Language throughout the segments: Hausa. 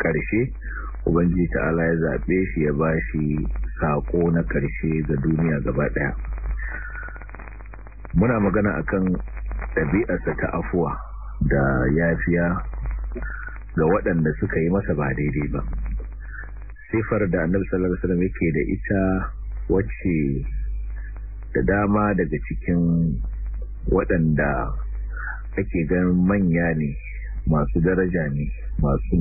ƙarshe ubangiji ta'ala ya zaɓe shi ya ba shi saƙo na ƙarshe ga duniya gaba ɗaya muna magana akan ɗabi'arsa ta afuwa da yafiya ga waɗanda suka yi masa ba daidai ba sifar da annabi sallallahu alaihi wasallam yake da ita wacce da dama daga cikin waɗanda ake ganin manya ne masu daraja ne masu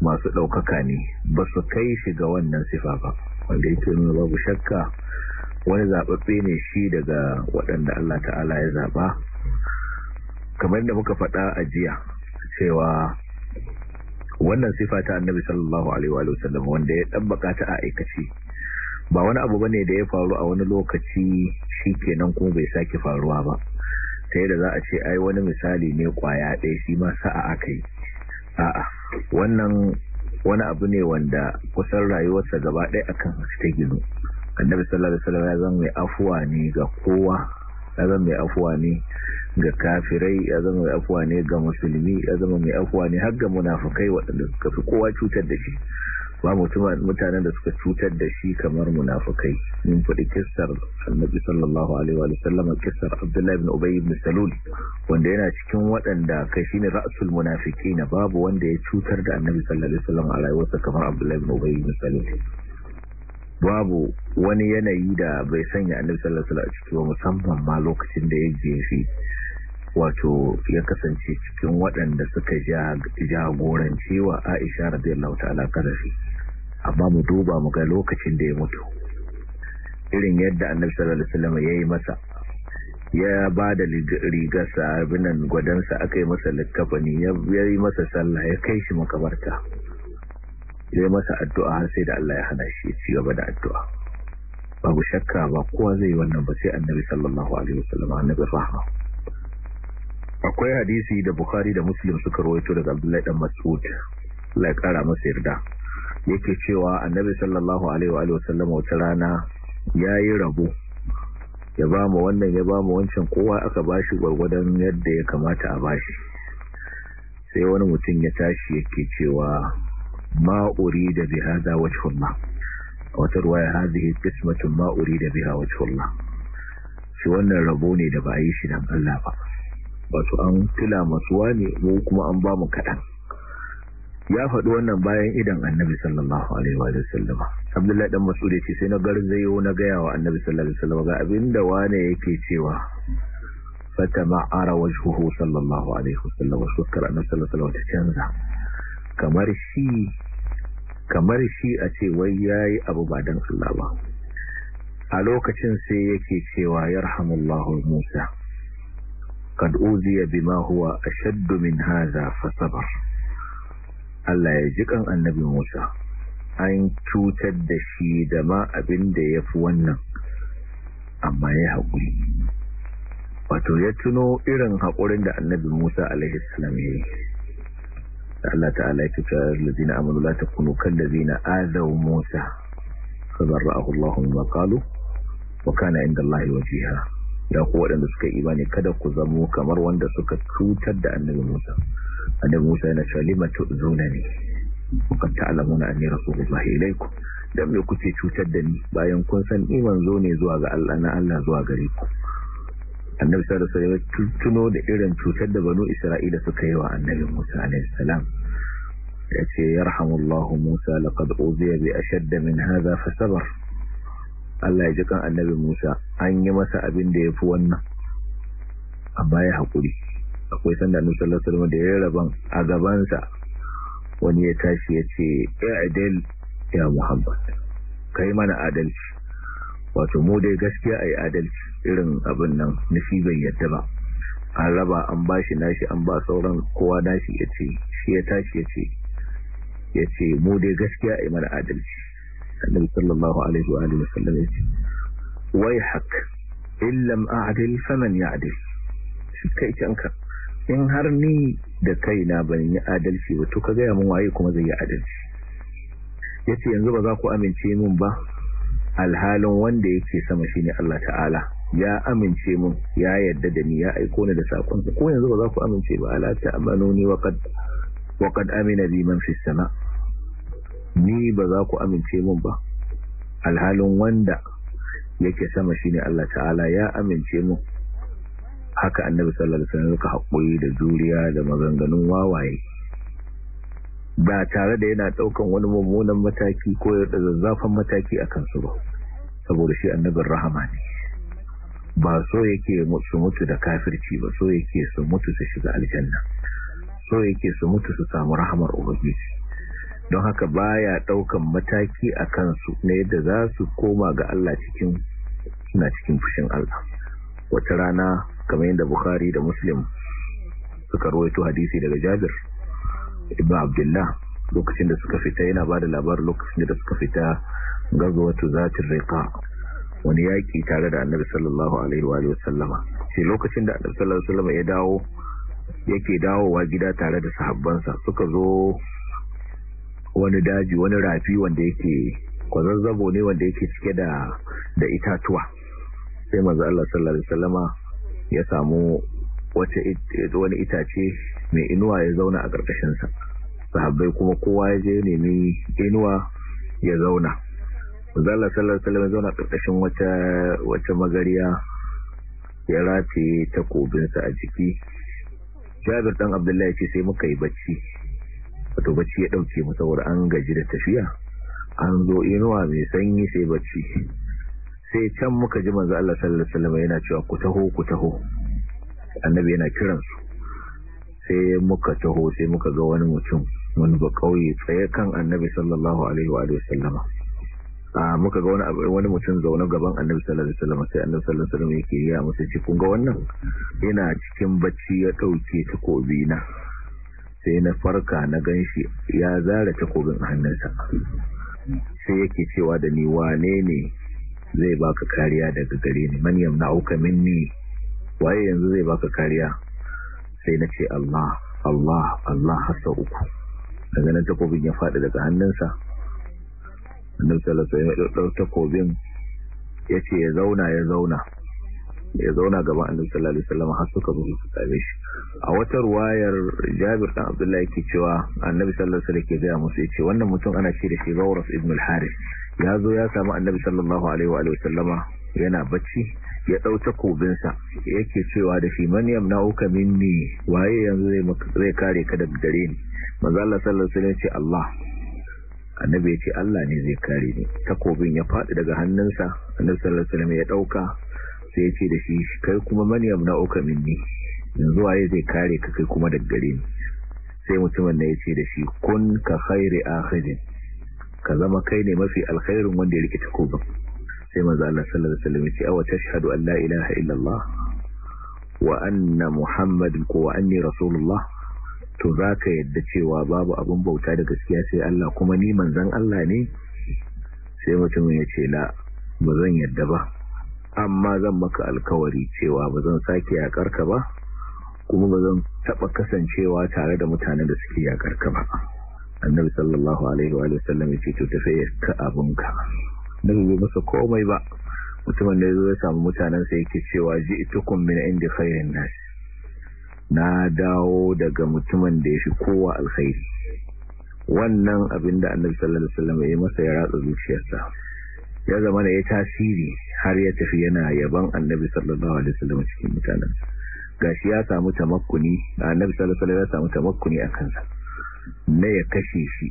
masu ɗaukaka ne ba su kai shi ga wannan sifa ba wanda yake nuna babu shakka wani zaɓaɓɓe ne shi daga waɗanda Allah ta'ala ya zaɓa kamar da muka faɗa a jiya cewa wannan sifa ta annabi sallallahu alaihi wa sallam wanda ya ɗabbaka ta a aikaci ba wani abu bane da ya faru a wani lokaci shi kenan kuma bai sake faruwa ba sai da za a ce ai wani misali ne kwaya ɗaya shi ma sa'a aka yi a'a wannan wani abu ne wanda kusan rayuwarsa gaba ɗaya akan ta gino annabi sallallahu alaihi wasallam ya zama mai afuwa ne ga kowa ya zama mai afuwa ne ga kafirai ya zama mai afuwa ne ga musulmi ya zama mai afuwa ne har ga munafikai waɗanda suka fi kowa cutar da shi ba mutanen da suka cutar da shi kamar munafukai min faɗi kissar annabi sallallahu alaihi wa sallam kissar abdullahi ibn ubay ibn salul wanda yana cikin wadanda kai shine ra'sul munafikin babu wanda ya cutar da annabi sallallahu alaihi wa sallam a kamar abdullahi ibn ubay ibn salul babu wani yanayi da bai sanya annabi sallallahu alaihi wa sallam a ciki musamman ma lokacin da yake jefi wato ya kasance cikin waɗanda suka jagoranci wa aisha radiyallahu ta'ala karafi amma mu duba mu ga lokacin da ya mutu irin yadda annabi sallallahu alaihi wasallam yayi masa ya ba da rigarsa abinan gwadansa aka yi masa likafani, ya yi masa sallah ya kai shi makabarta ya yi masa addu'a har sai da Allah ya hana shi ci gaba da addu'a babu shakka ba kowa zai wannan ba sai annabi sallallahu alaihi wasallam annabi rahma akwai hadisi da bukhari da muslim suka rawaito daga abdullahi dan mas'ud la kara masa yarda yake cewa annabi sallallahu alaihi wa alihi wasallam wata rana yayi rabo ya ba mu wannan ya ba mu wancan kowa aka bashi gwargwadon yadda ya kamata a bashi sai wani mutum ya tashi yake cewa ma urida bi hada wajhullah wata ruwaya hadhihi qismatun ma urida biha wajhullah shi wannan rabo ne da ba a yi shi dan Allah ba wato an tila masuwa ne mu kuma an ba mu kaɗan ya faɗi wannan bayan idan annabi sallallahu alaihi wa sallama abdullahi dan mas'ud ce, sai na garzayo na gaya wa annabi sallallahu alaihi wa sallama ga abinda wane yake cewa fatama'ara wajhuhu sallallahu alaihi wa sallama wa sukkar annabi sallallahu alaihi wa sallama canza kamar shi kamar shi a ce wai yayi abu ba dan Allah ba a lokacin sai yake cewa yarhamullahu Musa kad uziya bima huwa ashaddu min hadha fasabar Allah ya ji annabi Musa an cutar da shi da ma abinda ya yafi wannan amma ya haƙuri wato ya tuno irin haƙurin da annabi Musa alaihi salam yayi Allah ta'ala ya ce lazina amanu la takunu kal lazina azaw Musa fa barra'ahu Allah mimma qalu wa kana inda Allah wajiha da ku waɗanda suka yi imani kada ku zamo kamar wanda suka cutar da annabi Musa annabi Musa yana cewa lima tu'zunani qad ta'lamuna anni rasulullahi ilaykum dan me kuke cutar da ni bayan kun san ni manzo ne zuwa ga Allah na Allah zuwa gare ku annabi sallallahu alaihi wasallam tuno da irin cutar da banu Isra'ila suka yi wa annabi Musa alaihi salam yace yarhamullahu Musa laqad uziya bi ashadda min hadha fa sabar Allah ya ji kan annabi Musa an yi masa abin da ya fi wannan a baya haƙuri akwai sanda Musa lasarwa da ya raban a gabansa wani ya tashi ya ce eh, adal ya Muhammad kai mana adalci wato mu dai gaskiya yi adalci irin abin nan nufi bai yadda ba an raba an ba shi nashi an ba sauran kowa nashi ya ce shi ya tashi ya ce ya ce mu dai gaskiya yi mana adalci annabi sallallahu alaihi wa alihi wasallam yace wai hak in lam a'dil faman ya'dil kai ita anka in har ni da kaina ban yi adalci ba to ka ga mun waye kuma zai yi adalci yace yanzu ba za ku amince min ba alhalin wanda yake sama shine Allah ta'ala ya amince mun ya yadda da ni ya aiko ni da sakon ko yanzu ba za ku amince ba alata amanuni waqad waqad amina bi man fi sama' ni ba za ku amince mun ba alhalin wanda yake sama shine Allah ta'ala ya amince mu haka annabi sallallahu alaihi wasallam ka hakuri da juriya da maganganun wawaye ba tare da yana daukan wani mummunan mataki ko da zazzafan mataki akan su ba saboda shi annabin rahama ne ba so yake su mutu da kafirci ba so yake su mutu su shiga aljanna so yake su mutu su samu rahamar ubangiji don haka baya daukan mataki a kansu na da za su koma ga Allah cikin suna cikin fushin Allah wata rana kamar yadda Bukhari da Muslim suka rawaito hadisi daga Jabir ibn Abdullah lokacin da suka fita yana bada labarin lokacin da suka fita wata zatir riqa wani yaki tare da Annabi sallallahu alaihi wa sallama sai lokacin da Annabi sallallahu alaihi wa sallama ya dawo yake dawowa gida tare da sahabbansa suka zo wani daji wani rafi wanda yake kwazazzabo ne wanda yake cike da da itatuwa sai manzo Allah sallallahu alaihi wasallama ya samu wace wani itace mai inuwa ya zauna a karkashin sa sahabbai kuma kowa ya je nemi inuwa ya zauna manzo Allah sallallahu alaihi wasallama ya zauna ƙarƙashin wata wata magariya ya rataye takobinsa a jiki Jabir dan Abdullahi ce sai muka yi bacci wato bacci ya dauke mu saboda an gaji da tafiya an zo inuwa mai sanyi sai bacci sai can muka ji manzo Allah sallallahu alaihi wasallam yana cewa ku taho ku taho annabi yana kiran su sai muka taho sai muka ga wani mutum wani ba kauye tsaye kan annabi sallallahu alaihi wa sallama a muka ga wani mutum zaune gaban annabi sallallahu alaihi wasallam sai annabi sallallahu alaihi wasallam yake ya musu ci kun ga wannan yana cikin bacci ya dauke takobi na sai na farka na gan shi ya zara takobin hannunsa sai yake cewa da ni wane ne zai baka kariya daga gare ni Manyan na auka minni waye yanzu zai baka kariya sai na ce Allah Allah Allah hasa uku daga nan takobin ya faɗi daga hannunsa annabi sallallahu alaihi wasallam ya ce ya zauna ya zauna ya zauna gaban annabi sallallahu alaihi wasallam har suka zuwa su tsare shi a wata ruwayar Jabir dan Abdullah yake cewa annabi sallallahu alaihi wasallam ke ga musu yace wannan mutum ana ce da shi Zawras ibn al-Harith ya zo ya samu annabi sallallahu alaihi wa sallama yana bacci ya dau takobinsa yake cewa da shi man yamna'uka minni waye yanzu zai zai kare ka daga gare ni manzo Allah sallallahu alaihi wasallam ce Allah annabi ya ce Allah ne zai kare ni takobin ya faɗi daga hannunsa annabi sallallahu alaihi wasallam ya dauka sai ya ce da shi kai kuma maniyam na uka minni yanzu waye zai kare ka kai kuma daga gare ni sai mutumin ne ya ce da shi kun ka khairi akhirin ka zama kai ne mafi alkhairin wanda ya rike takobin sai manzo Allah sallallahu alaihi wasallam ya ce aw tashhadu an la ilaha illa Allah wa anna muhammadan wa anni rasulullah to zaka yadda cewa babu abun bauta da gaskiya sai Allah kuma ni manzon Allah ne sai mutumin ya ce la ba zan yadda ba amma zan maka alkawari cewa ba zan sake ka ba kuma ba zan taɓa kasancewa tare da mutanen da suke ka ba annabi sallallahu alaihi wa sallam ya ce to tafi ka abunka dan bai masa komai ba mutumin da ya samu mutanen sa yake cewa itukum min indi khairin nas na dawo daga mutumin da yafi kowa alkhairi wannan abinda annabi sallallahu alaihi wa sallam ya masa ya ratsa zuciyarsa ya zama da ya tasiri har ya tafi yana yaban annabi sallallahu alaihi wasallam cikin mutanen gashi ya samu tamakkuni annabi sallallahu alaihi wasallam ya samu tamakkuni a kansa na ya kashe shi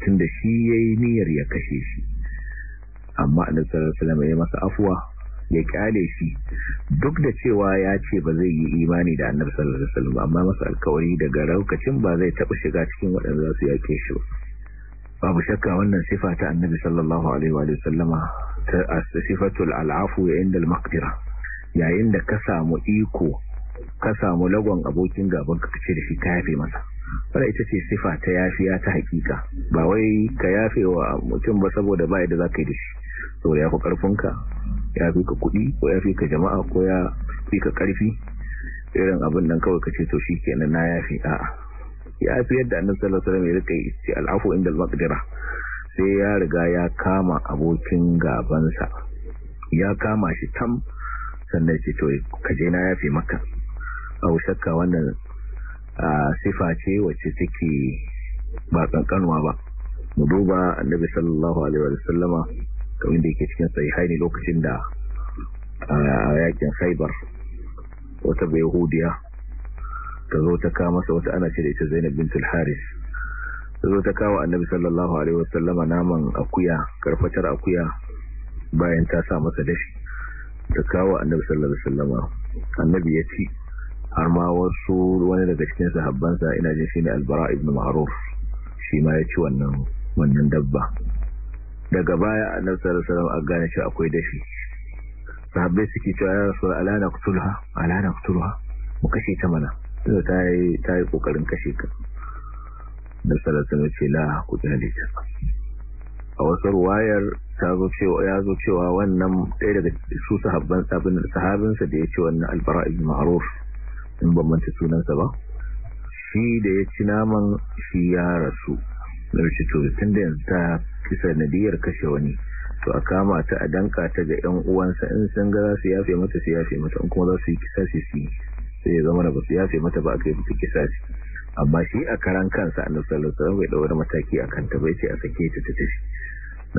tunda shi yayi niyyar ya kashe shi amma annabi sallallahu alaihi wasallam ya masa afwa ya kyale shi duk da cewa ya ce ba zai yi imani da annabi sallallahu alaihi wasallam amma masa alkawari daga raukacin ba zai taba shiga cikin waɗanda za su yake shi ba babu shakka wannan sifa ta annabi sallallahu alaihi wa sallama ta sifatul al'afu inda al-maqdira yayin da ka samu iko ka samu lagon abokin gaban ka kace da shi ka yafe masa wala ita ce sifa ta yafiya ta hakika ba wai ka yafe wa mutum ba saboda ba yadda zaka yi da shi saboda ya fi karfinka ya fi ka kuɗi ko ya fi ka jama'a ko ya fi ka karfi irin abin nan kawai kace to shikenan na yafe a'a ya fi yadda annan sallallahu ya rika yi al'afu inda al-maqdira sai ya riga ya kama abokin gabansa ya kama shi tam sannan ce to kaje na yafi maka au shakka wannan sifa ce wacce take ba kankanwa ba mu duba annabi sallallahu alaihi wasallama kamar da yake cikin sahihaini lokacin da yakin khaybar wata bai ta zo ta kawo masa wata ana ce da ita zainab bintul haris ta zo ta kawo annabi sallallahu alaihi wasallama naman akuya karfatar akuya bayan ta sa masa dashi ta kawo annabi sallallahu alaihi wasallama annabi ya ci har ma wasu wani daga cikin sahabbansa ina jin shine albara ibn ma'ruf shi ma ya ci wannan wannan dabba daga baya annabi sallallahu alaihi wasallam a gane shi akwai dashi sahabbai suke cewa ya rasul ala naqtulha ala naqtulha mu kashe ta mana to ta yi ta yi kokarin kashe ka da sallallahu ce la ku dalita a wasu ruwayar ya zo cewa wannan ɗaya daga su sahabban sabin sahabinsa da ya ce wannan albara ibn ma'ruf in ban manta sunansa ba shi da ya ci naman shi ya rasu da rikici to da yanzu ta kisa nadiyar kashe wani to a kama ta a danka ta ga 'yan uwansa in sun ga za su yafe mata su yafe mata in kuma za su yi kisa su yi sai ya zama da ba yafe mata ba aka yi mutu shi. amma shi a karan kansa annabi sallallahu alaihi wasallam bai mataki akan ta bai ce a sake ta ta tafi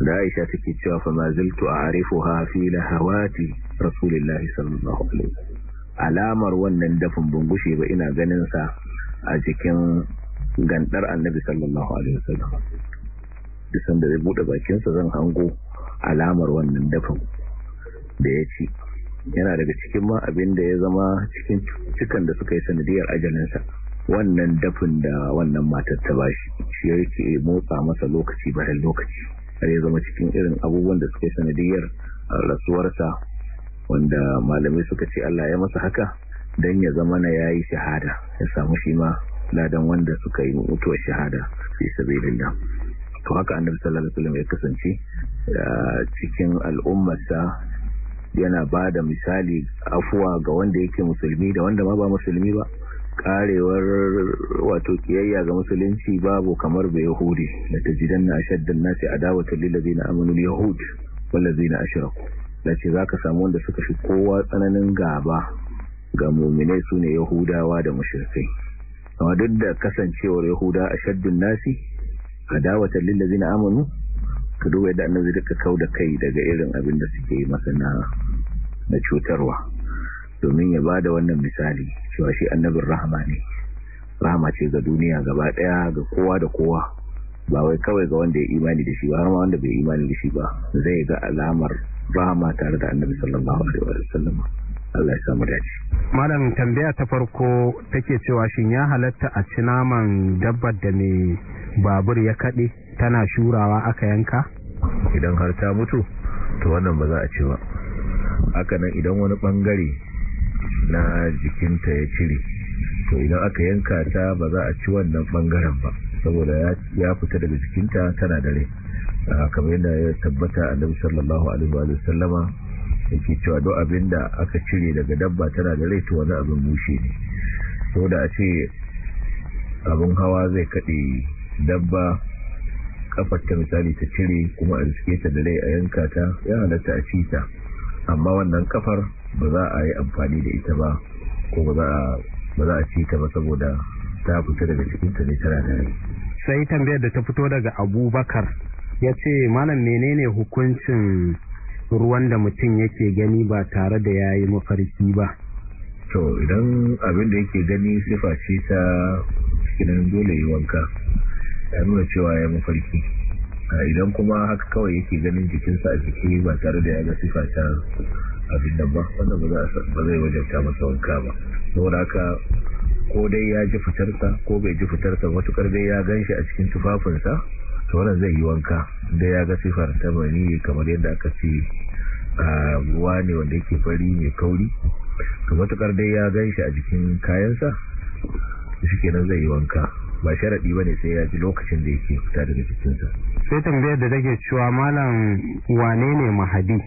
da Aisha take cewa fa ma arifo a'rifuha fi lahawati rasulillahi sallallahu alaihi alamar wannan dafin bungushe ba ina ganin sa a jikin gandar annabi sallallahu alaihi wasallam disan da zai bude bakin sa zan hango alamar wannan dafin da ya yana daga cikin ma abin da ya zama cikin cikin da suka yi sanadiyar ajalinsa wannan dafin da wannan matar ta bashi shi yake motsa masa lokaci bayan lokaci har ya zama cikin irin abubuwan da suka yi sanadiyar rasuwarsa wanda malamai suka ce Allah ya masa haka dan ya zama na yayi shahada ya samu shi ma ladan wanda suka yi mutuwar shahada fi sabilillah to haka annabi sallallahu alaihi wasallam ya kasance eh, cikin al'ummarsa yana ba da misali afuwa ga wanda yake musulmi da wanda ma ba musulmi ba karewar wato kiyayya ga musulunci babu kamar bai yahudi da ta jidan na ashaddan nasi adawatan lillazi na amanul wanda wallazi na ashiraku da ce za ka samu wanda suka fi kowa tsananin gaba ga muminai su ne yahudawa da mashirkai amma duk da kasancewar yahuda shaddun nasi adawatan lillazi na amanu ka duba yadda annabi duka kau da kai daga irin abin da suke yi masa na cutarwa domin ya ba da wannan misali cewa shi annabin rahama ne rahama ce ga duniya gaba daya ga kowa da kowa ba wai kawai ga wanda ya imani da shi ba har wanda bai imani da shi ba zai ga alamar rahama tare da annabi sallallahu alaihi wa sallam Allah ya samu dace malam tambaya ta farko take cewa shin ya halatta a ci naman dabbar da mai babur ya kade tana shurawa aka yanka idan har ta mutu to wannan ba za a ce ba aka nan idan wani bangare na jikinta ya cire to idan aka yanka ta ba za a ci wannan bangaren ba saboda ya fita daga jikinta tana dare ah, kamar yana ya tabbata annabi sallallahu alaihi wa sallama yake cewa duk abin da aka cire daga dabba tana da rai to wani abin bushe ne so da a ce abin hawa zai kaɗe dabba kafarta misali ta cire kuma a riske ta da rai a yanka ta ya halatta a cita amma wannan kafar ba za a yi amfani da ita ba ko ba za a ci ba saboda ta fita daga cikinta ne tana da rai sai tambayar da ta fito daga abubakar ya ce malam menene hukuncin ruwan da mutum yake gani ba tare da ya yi mafarki ba to idan abin da yake gani sifa ce ta cikin dole yi wanka ya nuna cewa ya mafarki idan kuma haka kawai yake ganin jikinsa a jiki ba tare da ya ga sifa ta abin da ba wanda ba zai wajabta masa wanka ba saboda haka ko dai ya ji fitarsa ko bai ji fitarsa matukar dai ya gan shi a cikin tufafinsa to wannan zai yi wanka da ya ga sifar ta mani kamar yadda aka ce ruwa ne wanda yake fari mai kauri to matukar dai ya gan shi a jikin kayansa shi kenan zai yi wanka ba sharaɗi sharadi bane sai ya ji lokacin da yake fita daga jikinsa. sai tambayar da take cewa malam wane ne mahadi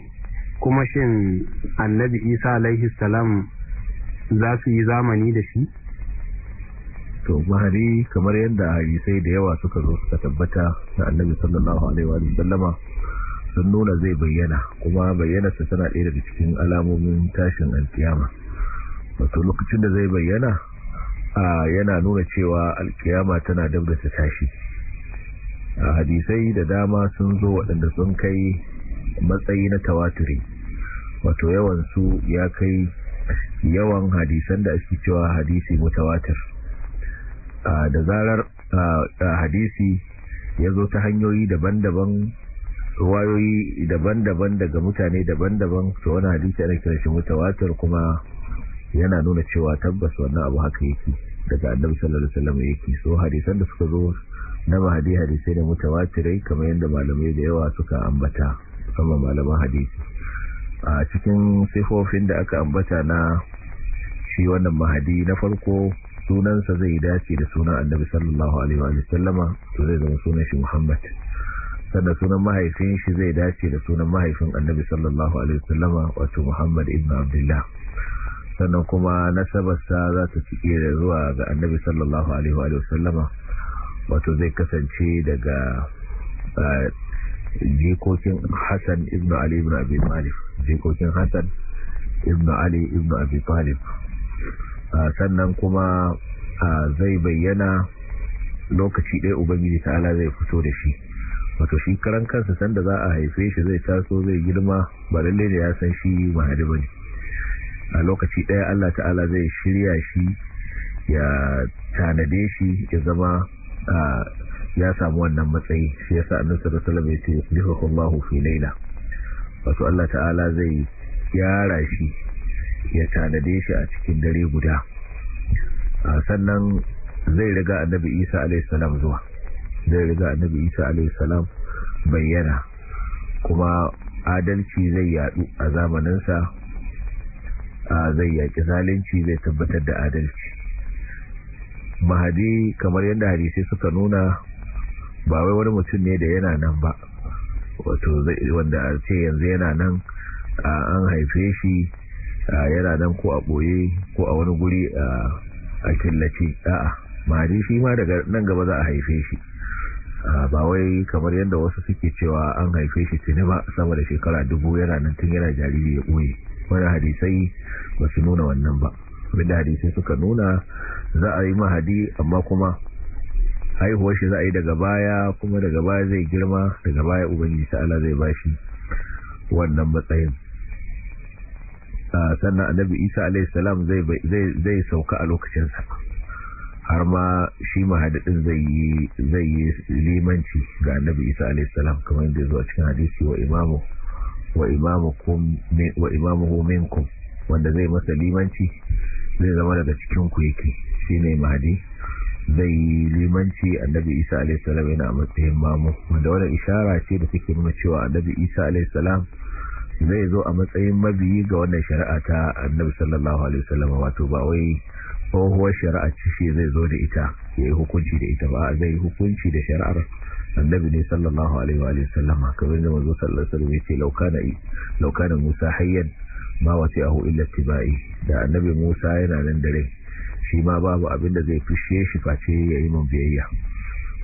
kuma shin annabi isa alaihi salam za su yi zamani da shi to mahadi kamar yadda sai da yawa suka zo suka tabbata da annabi sallallahu alaihi wa sallama sun nuna zai bayyana kuma bayyanarsa tana ɗaya daga cikin alamomin tashin alkiyama wato lokacin da zai bayyana yana nuna cewa alkiyama tana dab da ta tashi a hadisai da dama sun zo waɗanda sun kai matsayi na tawaturi wato yawansu ya kai yawan hadisan da ake cewa hadisi mutawatir da zarar hadisi ya zo ta hanyoyi daban-daban ruwayoyi daban-daban daga mutane daban-daban to wani hadisi ana kira shi mutawatir kuma yana nuna cewa tabbas wannan abu haka yake daga annabi sallallahu alaihi wasallam yake so hadisan da suka zo na hadisi hadisi da mutawatirai kamar yadda malamai da yawa suka ambata amma malaman hadisi a cikin sifofin da aka ambata na shi wannan mahadi na farko sunansa zai dace da sunan annabi sallallahu alaihi wa sallama to zai zama sunan shi muhammad sannan sunan mahaifin shi zai dace da sunan mahaifin annabi sallallahu alaihi wa sallama wato muhammad ibn abdullah sannan kuma nasabarsa za ta cike da zuwa ga annabi sallallahu alaihi wa sallama wato zai kasance daga jikokin hassan ibn ali ibn abi talib jikokin hassan ibn ali ibn abi talib sannan kuma zai bayyana lokaci ɗaya ubangiji ta'ala zai fito da shi wato shi karan kansa sanda za a haife shi zai taso zai girma ba lalle da ya san shi mahadi bane a lokaci ɗaya Allah ta'ala zai shirya shi ya tanade shi ya zama ya samu wannan matsayi shi yasa annabi sallallahu alaihi wasallam ya ce yuhullahu fi laila wato Allah ta'ala zai yara shi ya tanade shi a cikin dare guda sannan zai riga annabi Isa alaihi salam zuwa zai riga annabi Isa alaihi salam bayyana kuma adalci zai yadu a zamaninsa zai yaki zalunci zai tabbatar da adalci mahadi kamar yadda hadisi suka nuna ba wai wani mutum ne da yana nan ba wato wanda a ce yanzu yana nan an haife shi yana nan ko a ɓoye ko a wani guri a killace a'a mahadi shi ma daga nan gaba za a haife shi ba wai kamar yadda wasu suke cewa an haife shi tuni ba sama da shekara dubu yana nan tun yana jariri ya ɓoye wani hadisai ba su nuna wannan ba wanda hadisai suka nuna za a yi mahadi amma kuma haihuwar shi za a yi daga baya kuma daga baya zai girma daga baya ubangiji ta'ala zai ba shi wannan matsayin sannan annabi isa alaihissalam zai sauka a lokacinsa har ma shi mahadadin zai yi limanci ga annabi isa alaihissalam kamar yadda zuwa cikin hadisi wa imamu wa imamuhu minkum wanda zai masa limanci zai zama daga cikin ku yake shine mahdi zai limanci annabi isa alaihissalam yana matsayin mamu wanda wani ishara ce da take nuna cewa annabi isa salam zai zo a matsayin mabiyi ga wannan shari'a ta annabi sallallahu alaihi wasallam wato ba wai tsohuwar shari'a ce zai zo da ita yayi hukunci da ita ba zai hukunci da shari'ar annabi ne sallallahu alaihi wa sallama kamar da manzo sallallahu alaihi wasallam yace ce laukana Musa hayyan ma wasi'ahu illa tibai da annabi Musa yana nan dare shi ma babu abin da zai fushe shi face yayi mun biyayya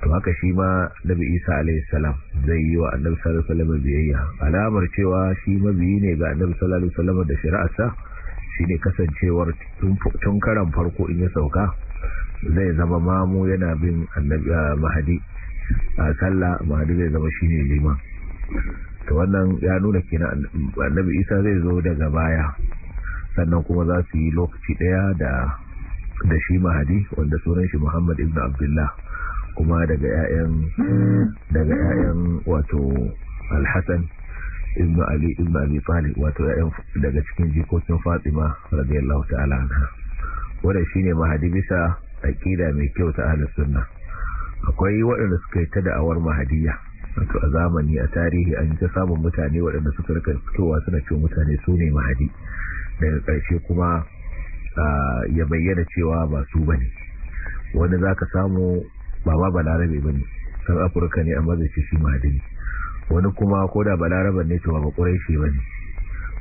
to haka shi ma nabi Isa alaihi salam zai yi wa annabi sallallahu alaihi wasallam biyayya alamar cewa shi mabiyi ne ga annabi sallallahu alaihi sallam da shari'arsa shine kasancewar tun karan farko in ya sauka zai zama mamu yana bin annabi ah, mahadi a sallah mahadi zai zama shine liman to wannan ya nuna kenan annabi isa zai zo daga baya sannan kuma za su yi lokaci daya da shi mahadi wanda sunan shi muhammad ibn abdullah kuma daga yayan daga yayan wato alhassan ibn ali ibn abi talib wato yayan daga cikin jikokin fatima radiyallahu ta'ala anha wannan shine mahadi bisa aqida mai kyau ta ahlus sunna akwai waɗanda suka yi ta da'awar mahadiyya wato a zamani a tarihi an ta samun mutane waɗanda suka rika fitowa suna ce mutane su ne mahadi daga ƙarshe kuma ya bayyana cewa ba su ba ne wani za ka samu ba ma balarabe ba ne san afirka ne a zai ce shi mahadi ne wani kuma ko da balaraban ne to ba ƙureshe ba ne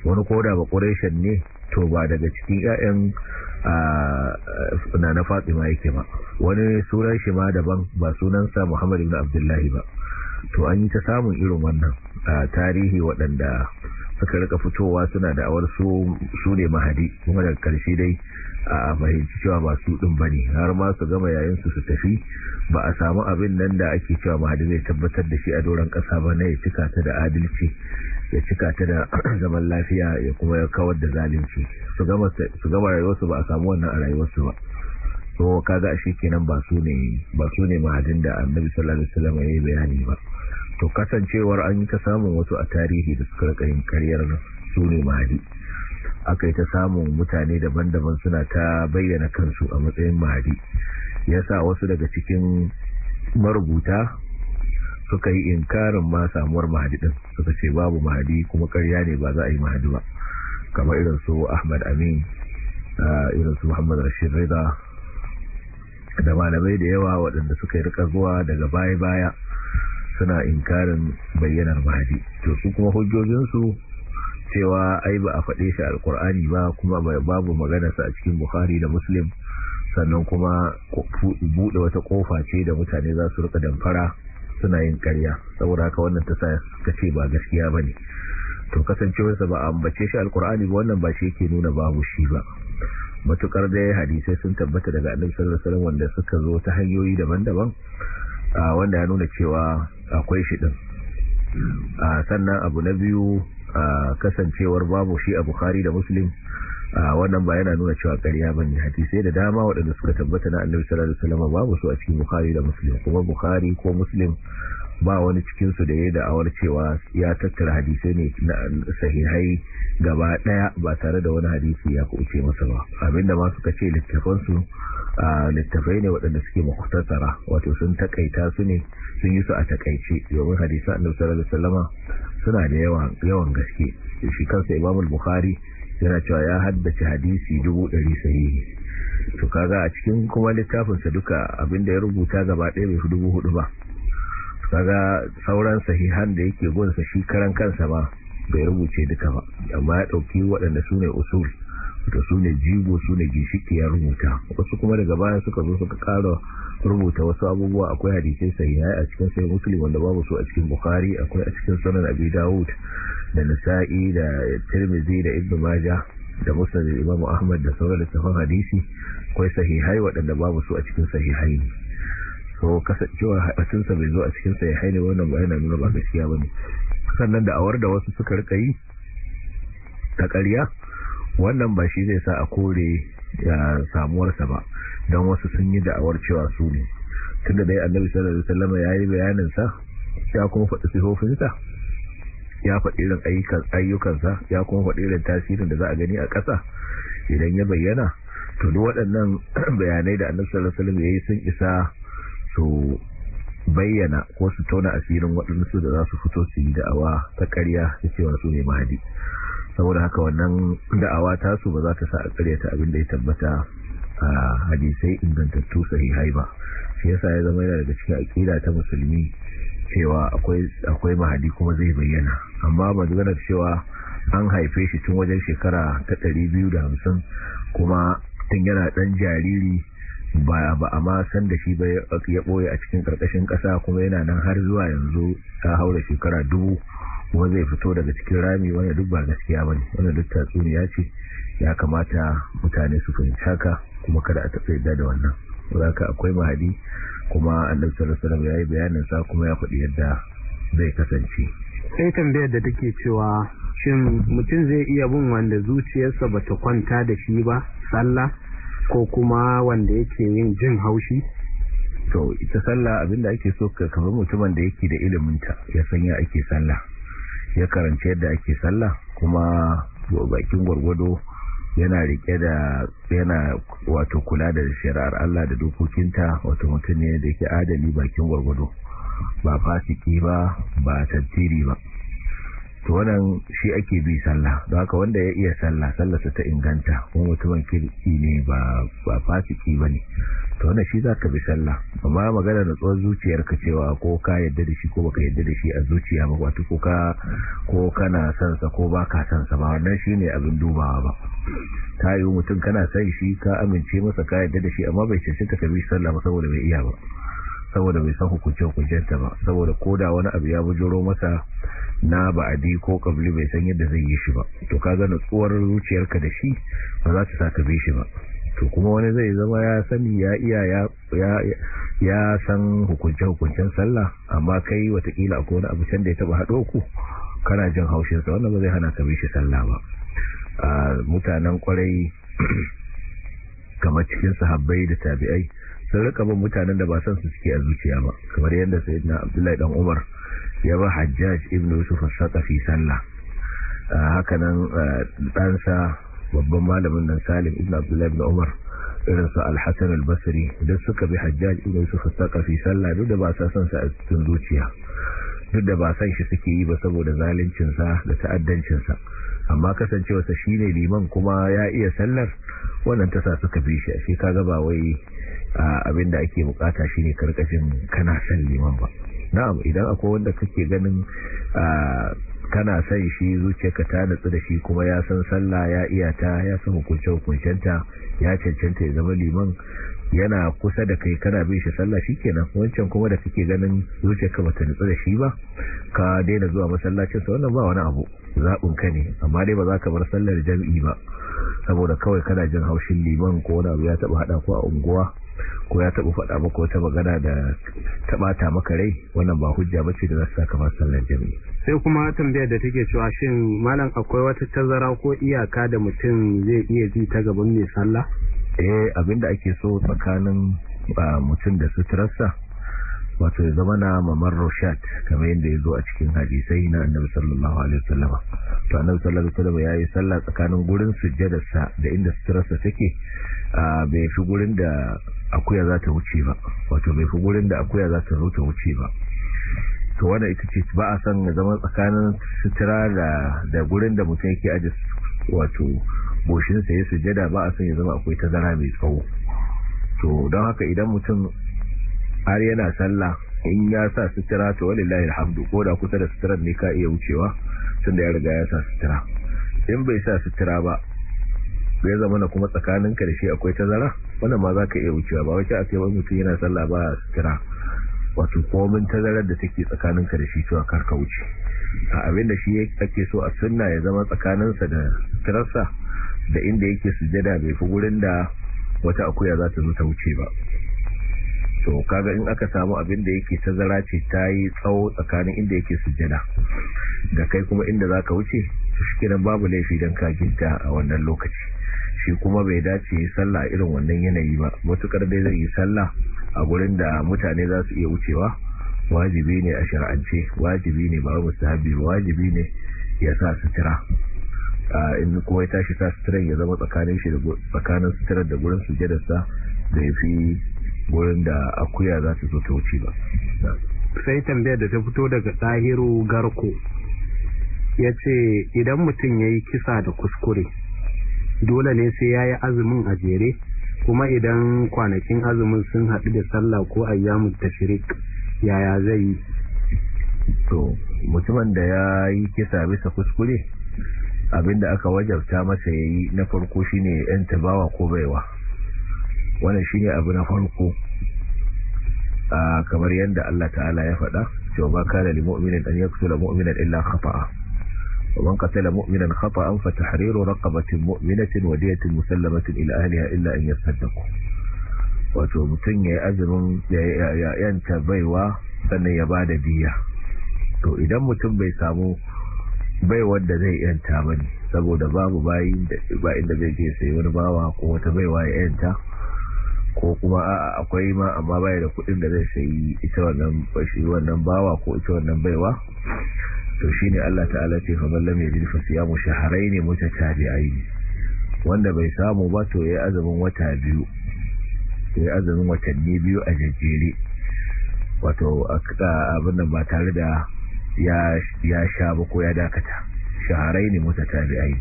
wani ko da ba ƙureshen ne to ba daga cikin 'ya'yan na na fatima yake ma wani sunan shi ma daban ba sunansa muhammad abdullahi ba to an yi ta samun irin wannan tarihi waɗanda suka rika fitowa suna da awar su ne mahadi kuma daga karshe dai a fahimci cewa ba su din bane har ma su gama yayin su su tafi ba a samu abin nan da ake cewa mahadi zai tabbatar da shi a doron kasa ba na ya cika ta da adalci ya cika ta da zaman lafiya ya kuma ya kawar da zalunci su gama su rayuwarsu ba a samu wannan a rayuwarsu ba so kaga ashe kenan ba su ne ba su ne mahadin da annabi sallallahu alaihi wasallam ya yi bayani ba to kasancewar an yi ta samun wasu a tarihi da suka yin karyar su ne mahadi aka yi ta samun mutane daban-daban suna ta bayyana kansu a matsayin mahadi ya sa wasu daga cikin marubuta suka yi inkarin ma samuwar mahadi ɗin suka ce babu mahadi kuma karya ne ba za a yi mahadi ba kamar irin su ahmad amin irin su muhammad rashid rida da malamai da yawa waɗanda suka yi rika zuwa daga baya-baya suna inkarin bayyanar mahadi to su kuma hujjojinsu cewa ai ba a faɗe shi alkur'ani ba kuma babu maganarsa a cikin bukhari da muslim sannan kuma buɗe wata ƙofa ce da mutane za su rika damfara suna yin karya saboda haka wannan ta sa ce ba gaskiya ba ne to kasancewarsa ba a ambace shi alkur'ani ba wannan ba shi yake nuna babu shi ba matukar da hadisai sun tabbata daga annabi sallallahu alaihi wasallam wanda suka zo ta hanyoyi daban-daban ah, wanda ya nuna cewa akwai shi din sannan abu na biyu kasancewar babu shi a bukari da muslim a wannan ba yana nuna cewa ƙarya ne hadisai da dama waɗanda suka tabbata na annabi sallallahu alaihi wasallam babu su a cikin bukari da muslim kuma bukari ko muslim ba wani cikinsu su da yi da'awar cewa ya tattara hadisai ne na sahihai gaba daya ba tare da wani hadisi ya kuce masa ba abinda ma suka ce su littafai ne waɗanda suke mukhtasara wato sun takaita su ne sun yi su a takaice domin hadisa annabi sallallahu suna da yawan gaske shi kansa imamul buhari yana cewa ya haddace hadisi dubu ɗari sahihi to kaga a cikin kuma littafinsa duka abinda ya rubuta gaba ɗaya bai dubu hudu ba kaga sauran sahihan da yake gunsa shi karan kansa ba bai rubuce duka ba amma ya ɗauki waɗanda su ne usul to su ne jigo su ne ginshiki ya rubuta wasu kuma daga baya suka zo suka kara rubuta wasu abubuwa akwai hadisai sahihai a cikin sai muslim wanda babu su a cikin bukhari akwai a cikin sunan abi dawud da nasa'i da tirmidhi da ibnu majah da musnad imam ahmad da sauran littafan hadisi akwai sahihai waɗanda babu su a cikin sahihai so kasancewa hadisinsa bai zo a cikin sahihai ne wannan ba yana nuna ba gaskiya bane sannan da awar da wasu suka rika yi ta ƙarya wannan ba shi zai sa a kore samuwarsa ba don wasu sun yi da'awar cewa su ne tun da dai annabi sallallahu alaihi wasallam ya yi bayanin sa ya kuma faɗi sa ya faɗi irin ayyukan ayyukansa ya kuma faɗi irin tasirin da za a gani a ƙasa idan ya bayyana to duk waɗannan bayanai da annabi sallallahu alaihi wasallam ya yi sun isa su bayyana ko su tona asirin waɗansu da za su fito su yi da'awa ta ƙarya da cewa su ne mahadi saboda haka wannan da'awa tasu ba za ta sa a ta abin da ya tabbata a hadisai ingantattu sahihai ba shi yasa ya zama yana daga cikin aqida ta musulmi cewa akwai akwai mahadi kuma zai bayyana amma ba maganar cewa an haife shi tun wajen shekara ta 250 kuma tun yana dan jariri ba ba amma san da shi ba ya boye a cikin karkashin kasa kuma yana nan har zuwa yanzu ta haura shekara dubu wanda zai fito daga cikin rami wanda duk ba gaskiya bane wanda duk tatsuniya ce ya kamata mutane su fahimci haka kuma kada a taɓa yadda da wannan zaka akwai mahadi kuma annabi sallallahu alaihi ya yi bayanin sa kuma ya faɗi yadda zai kasance sai tambayar da take cewa shin mutum zai iya bin wanda zuciyarsa bata kwanta da shi ba sallah ko kuma wanda yake yin jin haushi to ita sallah abinda ake so ka kamar mutumin da yake da ilimin ta ya sanya ake sallah ya karanci yadda ake sallah kuma bakin gwargwado yana rike da yana wato kula da shari'ar Allah da dokokinta wato mutum ne da yake adali bakin gwargwado ba fasiki ba ba tattiri ba to wannan shi ake bi sallah don haka wanda ya iya sallah sallarsa ta inganta kuma mutumin kirki ne ba ba fasiki bane to wannan shi zaka bi sallah amma magana da tsohon ka cewa ko ka yadda da shi ko baka yadda da shi a zuciya ba wato ko ka ko kana san sa ko baka san sa ba wannan shine abin dubawa ba ta yi mutum kana san shi ka amince masa ka yadda da shi amma bai cancanta ka bi sallah ba saboda bai iya ba saboda bai san hukunce hukuncenta ba saboda ko da wani abu ya bujuro masa na ba'adi ko kabli bai san yadda zai yi shi ba to ka kaga nutsuwar zuciyarka da shi ba za ta sa ka bi shi ba to kuma wani zai zama ya sani ya iya ya san hukunce-hukuncen sallah amma kai watakila ko wani abu can da ya taba haɗo ku kana jin haushinsa wanda ba zai hana ka shi sallah ba mutanen kwarai kamar cikin sahabbai da tabi'ai sun rika bin mutanen da ba san su suke a zuciya ba kamar yadda na abdullahi dan umar ya ba hajjaj ibn yusuf a saƙafi sallah hakanan ɗansa babban malamin nan salim ibn abdullahi ibn umar irin su al-hasan basri da suka bi hajjaj ibn su fasaka fi sallah duk da ba sa son sa a cikin zuciya duk da ba san shi suke yi ba saboda zaluncin sa da ta'addancin sa amma kasancewa sa shine liman kuma ya iya sallar wannan ta sa suka bi shi ashe ka ba wai abinda ake bukata shine karkashin kana san liman ba na'am idan akwai wanda kake ganin kana son shi zuciyarka ta natsu da shi kuma ya san sallah ya iya ta ya san hukunce ta ya cancanta ya zama liman yana kusa da kai kana bin shi sallah kenan wancan kuma da kake ganin zuciyarka bata nutsu da shi ba ka daina zuwa masallacin sa wannan ba wani abu zabun ka ne amma dai ba za ka bar sallar jami'i ba saboda kawai kana jin haushin liman ko wani abu ya taba hada ko a unguwa ko ya taba faɗa maka wata magana da tabata maka rai wannan ba hujja ba ce da zasu saka masa sallar jami'i sai kuma tambayar da take cewa shin malam akwai wata tazara ko iyaka da mutum zai iya ji ta gaban mai sallah eh abinda ake so tsakanin ah, mutum da suturarsa wato ya zama na mamar roshat kamar yadda ya zo a cikin hadisai na annabi sallallahu alaihi wasallam to annabi sallallahu alaihi wasallam ya yi sallah tsakanin gurin sujjadarsa da inda suturarsa take bai fi gurin da akuya za ta wuce ba wato bai fi gurin da akuya za ta zo ta wuce ba to wanda ita ce ba a san ya zama tsakanin sutura da da gurin da mutum yake aje wato boshin sa ya sujjada ba a san ya zama akwai tazara mai tsawo to don haka idan mutum har yana sallah in ya sa sutura to wallahi alhamdu ko da kusa da suturar ne ka iya wucewa tunda ya riga ya sa sutura in bai sa sutura ba ya zama na kuma tsakaninka da shi akwai tazara wannan ma za iya wucewa ba wace a ce wani mutum yana sallah ba a sutura wato komin tazarar da take tsakaninka da shi cewa ka wuce a abin da shi ake so a sunna ya zama tsakaninsa da suturarsa da inda yake sujada bai fi gurin da wata akuya za ta zo ta wuce ba to kaga in aka samu abin da yake tazara ce ta yi tsawo tsakanin inda yake sujada da kai kuma inda za ka wuce su shi kiran babu laifi don ka ta a wannan lokaci shi kuma bai dace yi a irin wannan yanayi ba matukar dai zai yi sallah a gurin da mutane za su iya wucewa wajibi ne a shara'ance wajibi ne ba mustahabi ba wajibi ne ya sa sutura in kuma ya tashi sa suturan ya zama tsakanin shi tsakanin suturar da gurin sujjadarsa da ya fi wurin da akuya za su zo ta wuce ba sai tambayar da ta fito daga tsahiru garko ya ce idan mutum ya yi kisa da kuskure dole ne sai ya yi azumin a jere kuma idan kwanakin azumin sun haɗu da sallah ko ayyamun tashirik yaya zai yi to mutumin da ya yi kisa bisa kuskure abinda aka wajabta masa ya yi na farko shine yan tabawa ko baiwa wannan shine abu na farko kamar yadda Allah ta'ala ya faɗa cewa ba kana lil mu'minin an yaqtula mu'minan illa khata'a ومن قتل مؤمنا خطأ فتحرير رقبة مؤمنة ودية مسلمة إلى أهلها إلا أن يصدقوا wato mutum ya yi azumin yanta baiwa sannan ya ba da diya to idan mutum bai samu baiwar da zai yanta ba ne saboda babu ba inda zai je sai wani bawa ko wata baiwa ya yanta ko kuma a'a akwai ma amma baya da kuɗin da zai sayi ita wannan bashi wannan bawa ko ita wannan baiwa to shine Allah ta'ala ce fa ballam yajid fa siyamu shahrayn mutatabi'ain wanda bai samu ba to yayi azumin wata biyu yayi azumin watanni biyu a jajjere wato abin nan ba tare da ya sha ba ko ya dakata shahrayn mutatabi'ain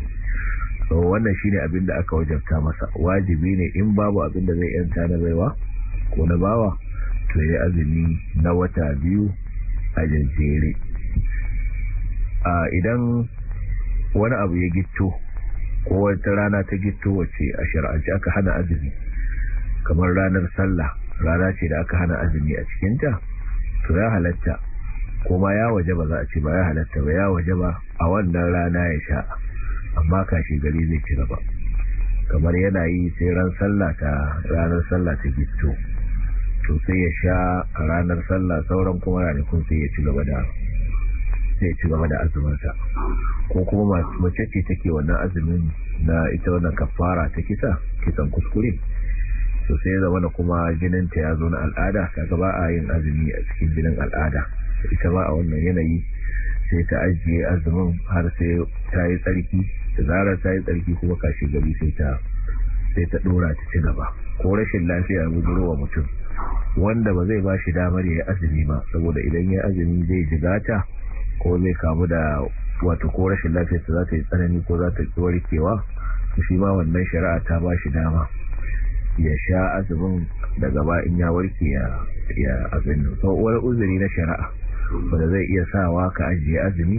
wannan shine abin da aka wajabta masa wajibi ne in babu abin da zai yanta na baiwa ko na bawa to ya azumi na wata biyu a jantere a idan wani abu ya gito ko wata rana ta gito wace a shar'anci aka hana azumi kamar ranar sallah rana ce da aka hana azumi a cikinta to ya halatta kuma ya waje ba za a ce ba ya halatta ba ya waje ba a wannan rana ya sha amma kashi gari zai ci gaba kamar yanayi yi sai ran sallah ta ranar sallah ta gito to sai ya sha a ranar sallah sauran kuma ranakun sai ya ci gaba da sai ci gaba da azuminsa ko kuma mace ce take wannan azumin na ita wannan kafara ta kisa kisan kuskure to sai zama da kuma jininta ya zo na al'ada kaga ba a yin azumi a cikin jinin al'ada ita ba a wannan yanayi sai ta ajiye azumin har sai ta yi tsarki da zarar ta yi tsarki kuma kashi gari sai ta sai ta dora ta ci gaba ko rashin lafiya ya wa mutum wanda ba zai ba shi damar ya yi azumi ba saboda idan ya azumi zai jigata ko zai kamu da wato ko rashin lafiya ta za ta yi tsanani ko za ta yi warkewa shi ma wannan shari'a ta ba shi dama ya sha azumin da gaba in ya warke ya azumi ko wani uzuri na shari'a wanda zai iya sawa ka ajiye azumi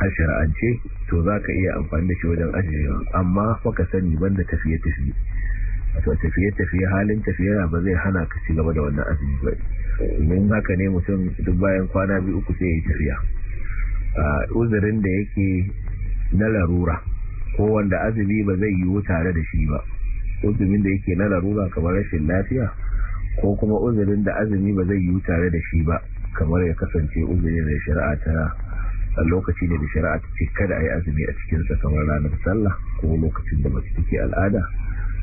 a shari'ance to za ka iya amfani da shi wajen ajiyewa amma ka sani banda tafiye-tafiye a tafiye-tafiye halin tafiye ba zai hana ka ci gaba da wannan azumi ba domin haka ne mutum duk bayan kwana biyu uku sai ya yi tafiya uzurin da yake na larura ko wanda azumi ba zai yiwu tare da shi ba uzumin da yake na larura kamar rashin lafiya ko kuma uzurin da azumi ba zai yiwu tare da shi ba kamar ya kasance uzurin da shari'a ta lokaci ne da shari'a ta ce kada a yi azumi a cikinsa kamar ranar sallah ko lokacin da mace take al'ada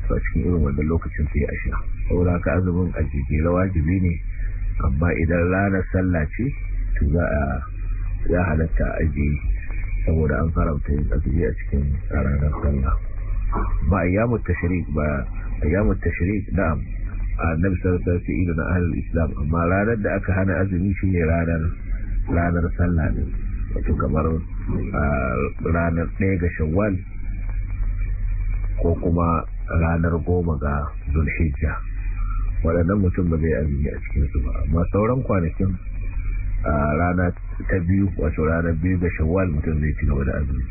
to a cikin irin wannan lokacin sai a sha saboda haka azumin a jejjera wajibi ne amma idan ranar sallah ce to za a ya halatta a ajiye saboda an haramta yin azumi a cikin ranar sallah ba ayyamut tashrik ba ayyamut tashrik na'am annabi sallallahu alaihi wasallam na ahlul islam amma ranar da aka hana azumi shine ranar ranar sallah ne wato kamar ah, ranar ɗaya ga shawwal ko kuma ranar goma ga zulhijja waɗannan mutum ba zai azumi a cikinsu ba amma sauran kwanakin ah, rana ta biyu wato ranar biyu ga shawwal mutum zai ci gaba da azumi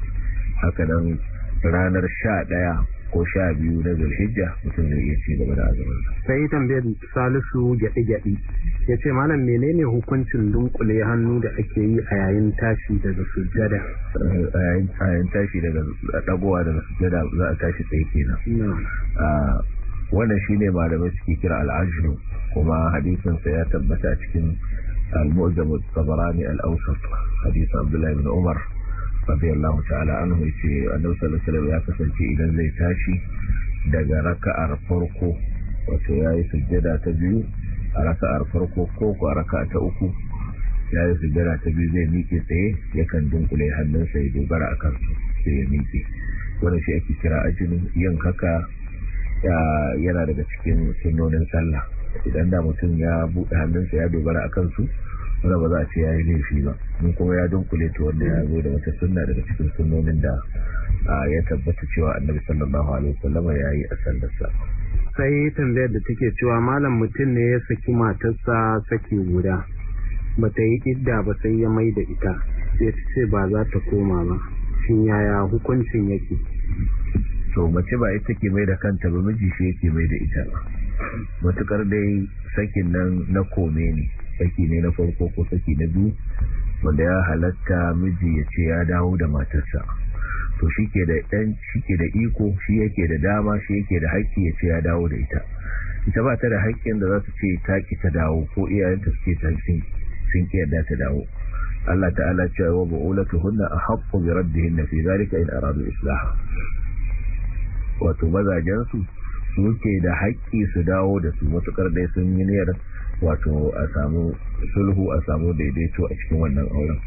haka nan ranar sha ɗaya ko sha biyu na zulhijja mutum zai iya ci gaba da azumin sai tambayar salisu gyaɗe gyaɗe ya ce malam menene hukuncin dunkule hannu da ake yi a yayin tashi daga sujjada a yayin tashi daga dagowa daga sujjada za a tashi tsaye kenan wannan shine malamai suke kira al'ajnu kuma hadisinsa ya tabbata cikin al-mu'jam al-tabarani al-awsat hadith Abdullahi bin Umar radiyallahu ta'ala anhu yace annabi sallallahu alaihi wasallam ya kasance idan zai tashi daga raka'ar farko wato yayi sujjada ta biyu a raka'ar farko ko ko raka'a ta uku yayi sujjada ta biyu zai miƙe tsaye yakan dunkule hannunsa ya dogara akan su sai ya miƙe wannan shi ake kira ajinu yin haka yana daga cikin sunnonin sallah idan da mutum ya buɗe hannunsa ya dogara akan su wanda ba za a ce ya yi laifi ba in kuma ya dunkule ta wanda ya zo da wata sunna daga cikin sunnonin da ya tabbata cewa annabi sallallahu alaihi wasallam ya yi a sallarsa sai tambayar da take cewa malam mutum ne ya saki matarsa saki guda bata yi idda ba sai ya mai da ita ya ce ba za ta koma ba shin yaya hukuncin yake to mace ba ita ke mai da kanta ba miji shi yake mai da ita ba matukar dai sakin nan na kome ne saki ne na farko ko saki na biyu wanda ya halatta miji ya ce ya dawo da matarsa to shi ke da ɗan shi ke da iko shi yake da dama shi yake da haƙƙi ya ce ya dawo da ita ita ba ta da haƙƙin da za ta ce ta ƙi ta dawo ko iyayenta suke ta sun ta dawo Allah ta'ala cewa wa bu'ulatuhunna ahaqqu bi na fi zalika in aradu islaha wato mazajen su suke da haƙƙi su dawo da su matukar dai sun yi niyyar wato a samu sulhu a samu daidaito a cikin wannan auren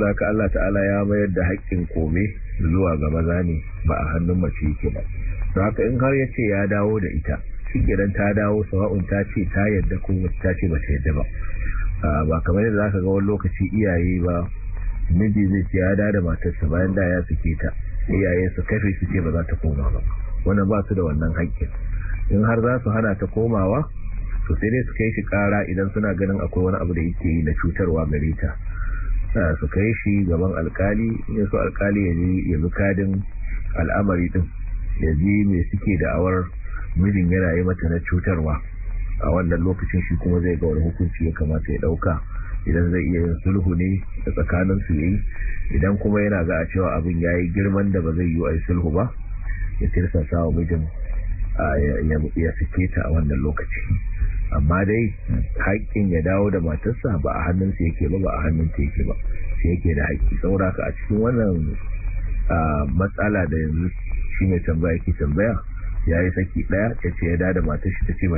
da ka Allah ta'ala ya mayar da haƙƙin kome zuwa ga maza ne ba a hannun mace yake ba to haka in har yace ya dawo da ita dan ta dawo sawa'un ta ce ta yadda ko ta ce ba ta yadda ba ba kamar yadda zaka ga wani lokaci iyaye ba miji zai ce ya da matarsa bayan da ya suke ta iyaye su kafe su ce ba za ta koma ba wannan ba su da wannan haƙƙin in har za su hana ta komawa su sai dai su kai shi kara idan suna ganin akwai wani abu da yake yi na cutarwa gare ta su kai shi gaban alkali ya so alkali ya ji ya kadin al'amari din ya ji mai suke da awar mijin yana yi mata na cutarwa a wannan lokacin shi kuma zai ga wani hukunci ya kamata ya dauka idan zai iya yin sulhu ne da tsakanin su yi idan kuma yana ga a cewa abin yi girman da ba zai yi a sulhu ba ya tirsasa wa mijin ya sike ta a wannan lokaci amma dai haƙƙin ya dawo da matarsa ba a hannunsa yake ba ba a hannunta yake ba shi yake da haƙƙi sauraka a cikin wannan matsala da yanzu shi mai tambaya yake tambaya ya yi saki ɗaya ya ce ya dawo da matarsa ta ce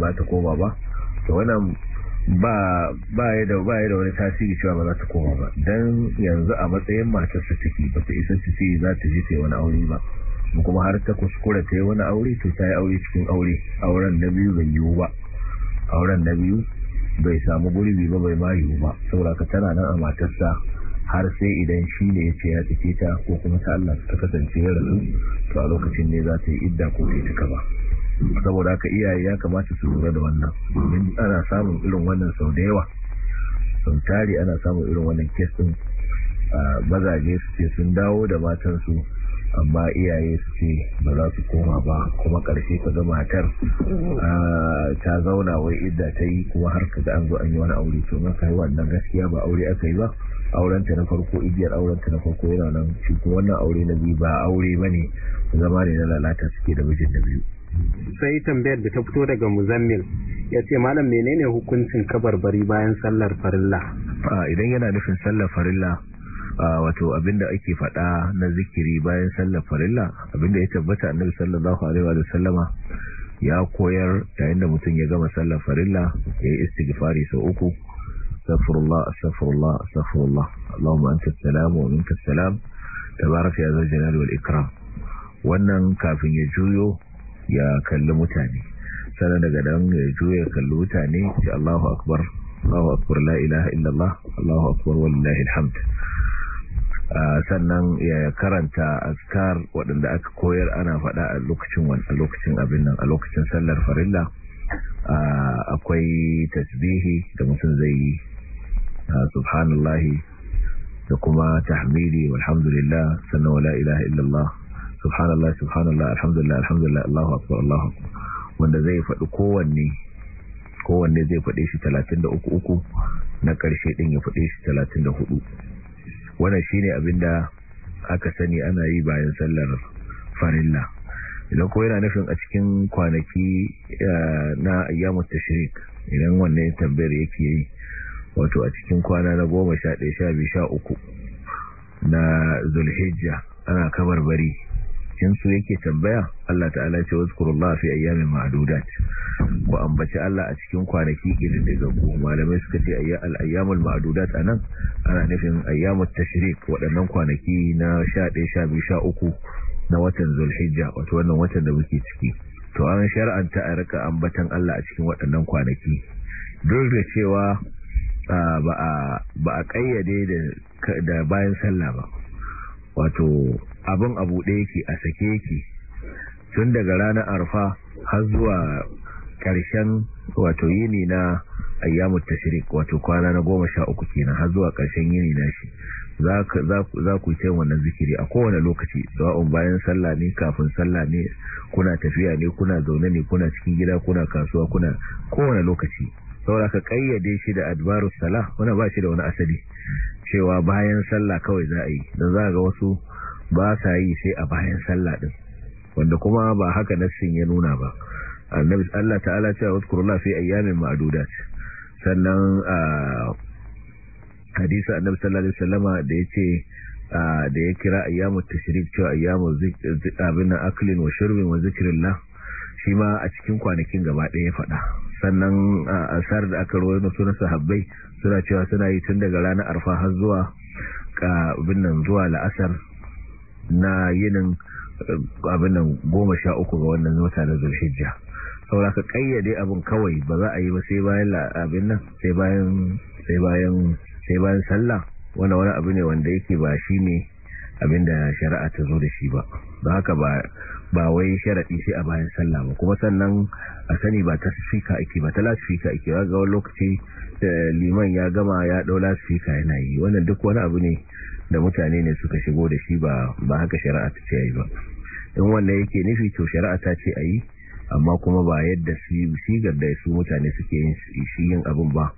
ba ta koma ba to wannan ba ya da wani tasiri cewa ba za ta koma ba don yanzu a matsayin matarsa take ba ta isa ta ce za ta je ta wani aure ba kuma har ta kuskura ta yi wani aure to ta yi aure cikin aure auren na biyu bai yiwu ba auren na biyu bai samu gurbi ba bai mayu ba saboda ka tana nan a matarsa har sai idan shi ne ya ce ya tsike ta ko kuma ta Allah ta kasance ya rasu to a lokacin ne za ta yi idda ko ta cika ba saboda haka iyaye ya kamata su lura da wannan domin ana samun irin wannan sau da yawa sun tari ana samun irin wannan kesin mazaje su ce sun dawo da matansu amma iyaye su ce ba za su koma ba kuma karshe ka ga matar mm-hmm. ah, ta zauna wai idda ta yi kuma har ka an zo an yi wani aure to maka yi wannan gaskiya ba aure aka yi ba aurenta na farko igiyar aurenta na farko yana nan shi kuma wannan aure na biyu ba aure ba ne zama ne na lalata suke da mijin da biyu sai tambayar da ta fito daga muzammil ya ce malam menene hukuncin kabarbari bayan sallar farilla ah, idan yana nufin sallar farilla wato abinda ake fada na zikiri bayan sallar farilla abinda ya tabbata annabi sallallahu alaihi wa sallama ya koyar yayin da mutum ya gama sallar farilla ya yi istighfari sau uku astaghfirullah astaghfirullah astaghfirullah allahumma anta salamu wa minka salam tabaraka ya zal jalali wal ikram wannan kafin ya juyo ya kalli mutane sannan daga dan ya juyo ya kalli mutane ya Allahu akbar Allahu akbar la ilaha illallah Allahu akbar wallahi alhamd Ah, sannan ya karanta azkar waɗanda aka koyar ana faɗa a lokacin wani lokacin abin nan a lokacin sallar farilla ah, akwai tasbihi da mutum zai yi ah, subhanallahi da kuma tahmidi walhamdulillah sannan wala ilaha illallah subhanallah subhanallah alhamdulillah alhamdulillah Allahu akbar Allahu akbar wanda zai faɗi kowanne kowanne zai faɗe shi 33 na ƙarshe ɗin ya faɗe shi 34 wannan shine abin da aka sani ana yi bayan sallar farilla idan ko yana nufin a cikin kwanaki eh, na ayyamut tashrik idan wannan tambayar yake yi wato a cikin kwana na goma sha ɗaya sha biyu na zulhijja ana kabarbari kin su yake tambaya Allah ta'ala ce wasu kurullah fi ayyamin ma'adudat ku ambaci Allah a cikin kwanaki kididdigaggu malamai suka ce al’ayyamul ma'adudat a nan ana nufin ayyamul tashirik waɗannan kwanaki na 11 sha 13 na watan zulhijja wato wannan watan da muke ciki to an shar'anta a rika ambatan Allah a cikin waɗannan kwanaki duk da cewa ba a kayyade da bayan sallah ba wato abin abu ɗaya yake a sake yake tun daga ranar arfa har zuwa karshen wato yini na ayyamu tashrik wato kwana na goma sha uku kenan har zuwa karshen yini na shi za ku ce wannan zikiri a kowane lokaci sawa'un bayan sallah ne kafin sallah ne kuna tafiya ne kuna zaune ne kuna cikin gida kuna kasuwa kuna kowane lokaci saboda ka kayyade shi da adbarus salah wanda ba shi da wani asali cewa bayan sallah kawai za a yi don za ga wasu ba sa yi sai a bayan sallah din wanda kuma ba haka nassin ya nuna ba annabi Allah ta'ala cewa wazkurullaha fi ayyamin ma'dudat sannan hadisi annabi sallallahu alaihi wasallama da yace da ya kira ayyamu tashrik cewa ayyamu abin aklin wa shurbin wa zikrillah shi ma a cikin kwanakin gaba ɗaya ya faɗa sannan asar da aka rawaito su sahabbai suna cewa suna yi tun daga ranar arfa har zuwa ka binnan zuwa la'asar na yinin abin nan goma sha uku ga wannan wata na zulhijja saura ka kayyade abin kawai ba za a yi ba sai bayan abin nan sai bayan sai bayan sai bayan sallah wanda wani abu ne wanda yake ba shi ne abin da shari'a ta zo da shi ba don haka ba ba wai sharaɗi sai a bayan sallah ba kuma sannan a sani ba ta sifika ake ba ta lasifika ake ba ga wani lokaci da liman ya gama ya dau lasifika yana yi wannan duk wani abu ne da mutane ne suka shigo da shi ba haka shari'a ta ce yi ba in wanda yake nufi to shari'a ta ce a yi amma kuma ba yadda sigar da su mutane suke yin abin ba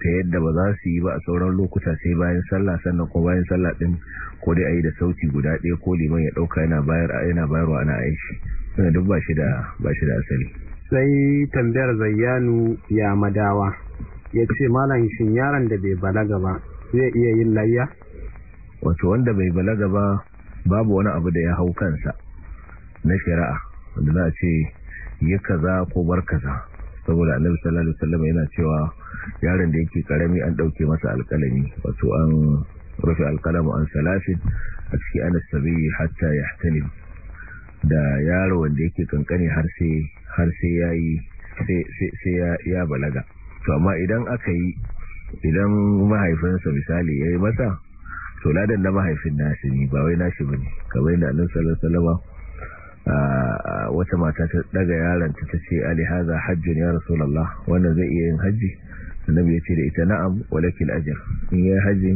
ta yadda ba za su yi ba a sauran lokuta sai bayan sallah sannan ko bayan sallah din ko dai a yi da sauti guda ɗaya ko liman ya ɗauka yana bayar yana bayarwa ana aishi suna duk ba shi da asali sai tambayar zayyanu ya madawa ya ce malam shin yaron da bai balaga ba zai iya yin layya wato wanda bai balaga ba babu wani abu da ya hau kansa na shari'a wanda za a ce yi kaza ko bar kaza saboda annabi sallallahu alaihi wasallam yana cewa yaron da yake karami an dauke masa alkalami wato an rufe alkalamu an salafin a ciki ana sabi hatta yahtalim da yaro wanda yake kankane har sai har sai yayi sai ya balaga to amma idan aka yi idan mahaifinsa misali yayi masa to ladan na mahaifin nasi ne ba wai nashi bane kamar yadda annabi sallallahu alaihi wasallam wata mata ta daga yaron ta ce ali alihaza hajjun ya rasulallah wannan zai iya yin hajji annabi ya ce da ita na'am walakil ajr in yi hajji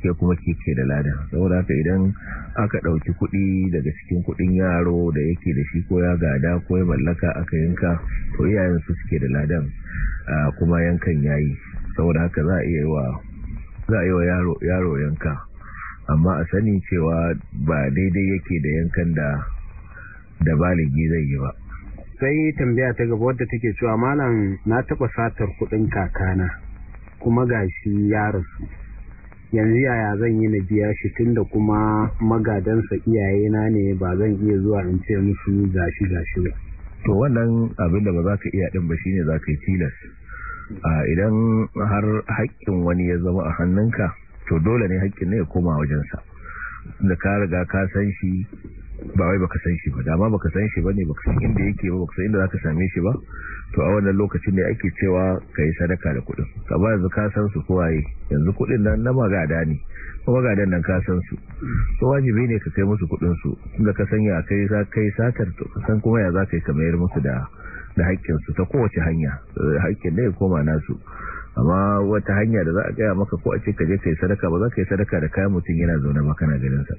ke kuma kike da lada saboda haka idan aka dauki kuɗi daga cikin kuɗin yaro da yake da shi ko ya gada ko ya mallaka aka yanka to iyayen su suke da ladan kuma yankan yayi saboda haka za a iya wa za a yi wa yaro yanka amma a sani cewa ba daidai yake da yankan da da baligi zai yi ba sai tambaya ta gaba wadda take cewa malam na taba satar kudin kakana kuma gashi ya rasu yanzu yaya zan yi na biya shi tunda kuma magadansa iyayena ne ba zan iya zuwa in ce musu gashi gashi ba to wannan abin da ba za ka iya din ba shine za ka yi tilas idan har haƙƙin wani ya zama a hannunka to dole ne haƙƙin ne ya koma wajensa da ka riga ka san shi ba wai baka san shi ba dama baka san shi bane baka san inda yake ba baka san inda zaka same shi ba to a wannan lokacin ne ake cewa kai sadaka da kuɗin ka ba yanzu ka san su waye yanzu kuɗin nan na magada ne magadan nan ka san su to wajibi ne ka kai musu kuɗin su tunda ka sanya kai za kai satar to san kuma ya za ka yi musu da da haƙƙin su ta kowace hanya eh, haƙƙin ne ya koma nasu amma wata hanya da za a gaya maka ko a ce ka je kai sadaka ba za ka yi sadaka da kayan mutum yana zaune ba kana ganin sa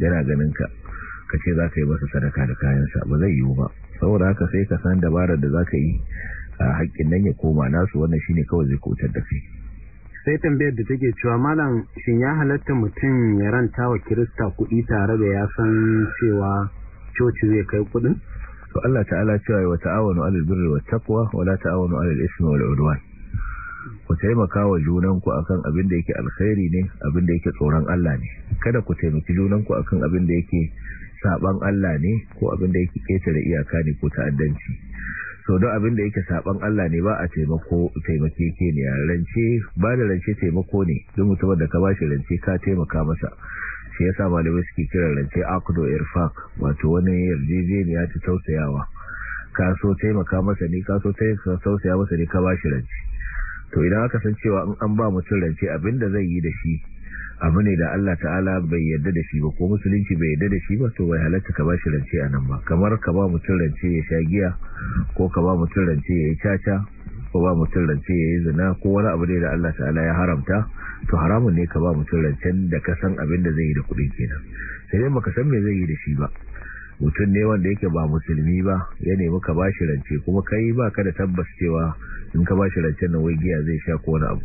yana ganin ka ka ce za ka yi masa sadaka da kayansa ba zai yiwu ba saboda haka sai ka san dabarar da za ka yi a haƙƙin nan ya koma nasu wannan shine kawai zai kotar da kai sai tambayar da take cewa malam shin ya halatta mutum ya ranta wa kirista kuɗi tare da ya san cewa coci zai kai kuɗin to Allah ta'ala cewa wa ta'awanu alal birri wat taqwa wa la ta'awanu alal ismi wal udwan ku taimaka wa junanku akan abin da yake alkhairi ne abin da yake tsoron Allah ne kada ku taimaki junanku akan abin da yake saban Allah ne ko abin da yake ketare iyaka ne ko ta'addanci so don abin da yake saban Allah ne ba a taimako taimake ke ne rance ba da rance taimako ne duk mutumin da ka bashi rance ka taimaka masa shi yasa malamai suke kira rance aqdu irfaq wato wani yarjejeniya ta tausayawa ka so taimaka masa ne ka so taimaka masa ne ka bashi rance to idan aka san cewa in an ba mutum rance abinda zai yi da shi abu ne da Allah ta'ala bai yarda da shi ba ko musulunci bai yarda da shi ba to bai halatta ka ba shi rance a nan ba kamar ka ba mutum rance ya sha giya ko ka ba mutum rance ya yi caca ko ba mutum rance ya yi zina ko wani abu ne da Allah ta'ala ya haramta to haramun ne ka ba mutum rancen da ka san abin da zai yi da kuɗin kenan sai dai baka san me zai yi da shi ba mutum ne wanda yake ba musulmi ba ya nemi ka bashi rance kuma kai ba ka da tabbas cewa in ka bashi rance na giya zai sha ko wani abu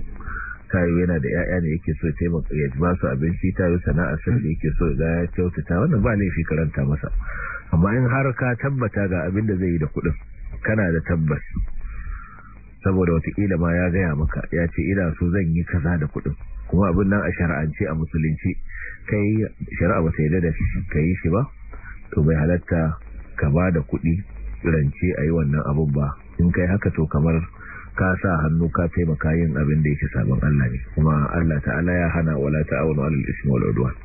tayo yana da yaya ne yake so taimaka ya ba su ta yi sana'a sun da yake so ga ya kyautata wannan ba fi karanta masa amma in har ka tabbata ga abin da zai yi da kuɗin kana da tabbas saboda watakila ma ya gaya maka ya ce ina so zan yi kaza da kuɗin kuma abin nan a shari'ance a musulunci kai shari'a ba ta yi da ka yi shi ba to bai halatta ka ba da kuɗi rance a yi wannan abin ba in kai haka to kamar ka sa hannu ka taimaka yin abin da yake sabon Allah ne kuma Allah ta'ala ya hana wala ta'awunu 'alal ismi wal udwan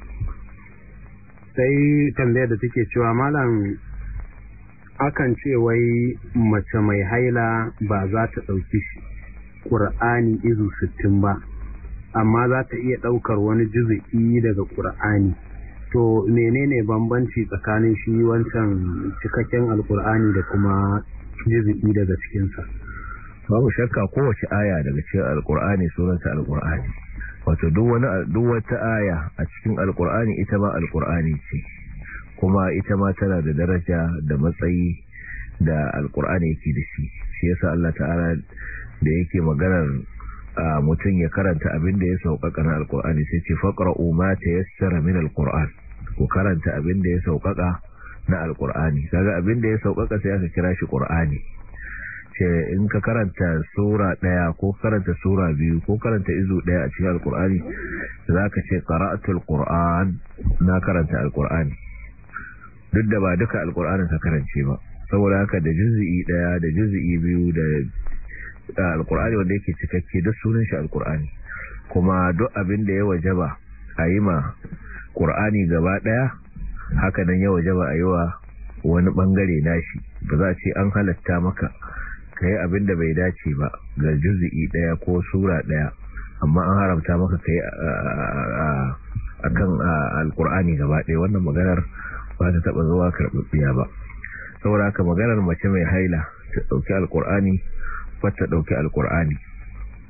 sai tambayar da take cewa malam akan ce wai mace mai haila ba za ta dauki Qur'ani izu sittin ba amma za ta iya daukar wani juzu'i daga Qur'ani to menene bambanci tsakanin shi wancan cikakken alkur'ani da kuma jizi'i daga cikinsa babu shakka kowace aya daga cikin alkur'ani sunanta alkur'ani wato duk wata aya a cikin alkur'ani ita ma alkur'ani ce kuma ita ma tana da daraja da matsayi da alkur'ani yake da shi shi yasa Allah ta'ala da yake maganar mutum ya karanta abin da ya sauƙaƙa na alƙur'ani sai ce faƙra'u ma ta yassara min alƙur'an ku karanta abin da ya sauƙaƙa na alƙur'ani daga abin da ya sauƙaƙa sai aka kira shi ƙur'ani ce in ka karanta sura ɗaya ko karanta sura biyu ko karanta izu ɗaya a cikin alƙur'ani za ka ce qara'atul ƙuran na karanta alƙur'ani duk da ba duka alƙur'anin ka karance ba saboda haka da juz'i ɗaya da juz'i biyu da alkur'ani wanda yake cikakke da sunan shi alkur'ani kuma duk abin da ya wajaba a yi ma ƙur'ani gaba ɗaya haka nan ya wajaba a yi wa wani ɓangare nashi ba za ce an halatta maka ka yi abin da bai dace ba ga juzi'i ɗaya ko sura ɗaya amma an haramta maka ka yi a kan alƙur'ani gaba ɗaya wannan maganar ba ta taɓa zuwa karɓaɓɓiya ba saboda haka maganar mace mai haila ta ɗauki alkur'ani ta dauke alkur'ani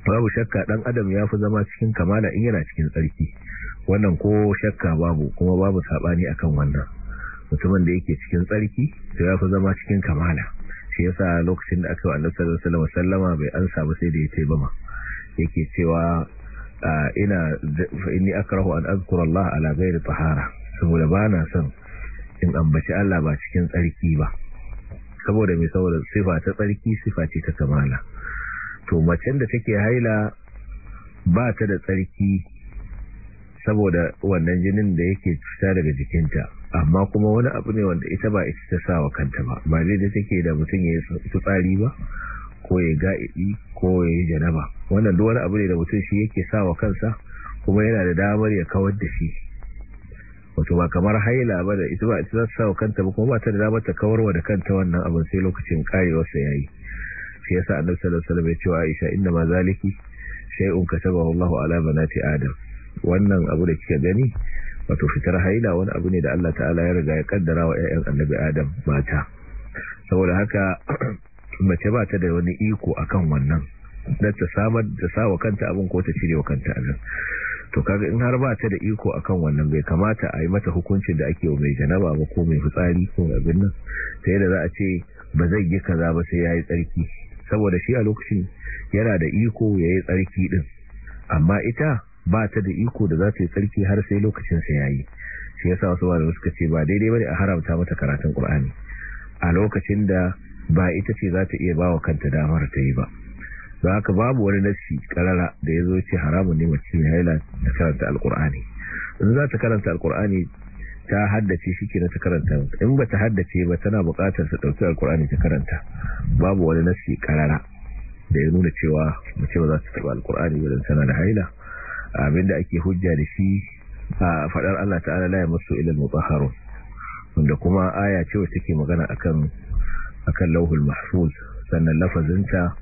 babu shakka dan adam ya fi zama cikin kamala in yana cikin tsarki wannan ko shakka babu kuma babu sabani akan wannan mutumin da yake cikin tsarki to ya fi zama cikin kamala shi yasa lokacin da aka yi annabi sallallahu alaihi wasallama bai ansa ba sai da ya ba bama yake cewa ina inni akrahu an azkura Allah ala ghairi tahara saboda bana son in ambaci Allah ba cikin tsarki ba saboda mai saboda sifa ta tsarki sifa ce ta kamala to macen da take haila ba ta da tsarki saboda wannan jinin da yake fita daga jikinta amma kuma wani abu ne wanda ita ba ita ta sa wa kanta ba ba zai da take da mutum ya yi tsari ba ko ya ga'idi ko ya yi janaba wannan duk abu ne da mutum shi yake sa wa kansa kuma yana da damar ya kawar da shi wato ba kamar haila ba da ita ba ita za ta sawa kanta ba kuma ba ta da damar ta kawarwa da kanta wannan abin sai lokacin karewarsa ya yi shi yasa annabi sallallahu alaihi wasallam ya ce wa Aisha inna ma zaliki shay'un katabahu Allahu ala banati Adam wannan abu da kika gani wato fitar haila wani abu ne da Allah ta'ala ya riga ya kaddara wa ƴaƴan annabi Adam mata saboda haka mace ba ta da wani iko akan wannan da ta samar da sawa kanta abin ko ta cire wa kanta abin to kaga in har ba ta da iko akan wannan bai kamata a yi mata hukuncin da ake wa mai janaba ba ko mai fitsari ko abin nan sai da za a ce ba zai yi kaza ba sai yayi tsarki saboda shi a lokacin yana da iko yayi tsarki din amma ita ba ta da iko da za ta yi tsarki har sai lokacin sa yayi shi yasa wasu da suka ce ba daidai bane a haramta mata karatun Qur'ani a lokacin da ba ita ce za ta iya bawa kanta damar ta yi ba don haka babu wani nassi karara da ya zo ce haramun ne mace mai haila ta karanta alkur'ani in za ta karanta alkur'ani ta haddace shi ke na ta karanta in ba ta haddace ba tana bukatar su ɗauki alkur'ani ta karanta babu wani nassi karara da ya nuna cewa mace ba za ta taɓa alkur'ani ba tana da haila abinda ake hujja da shi a faɗar allah ta'ala la ya masu ilal mutahharun wanda kuma aya ce wacce take magana akan akan lauhul mahfuz sannan lafazinta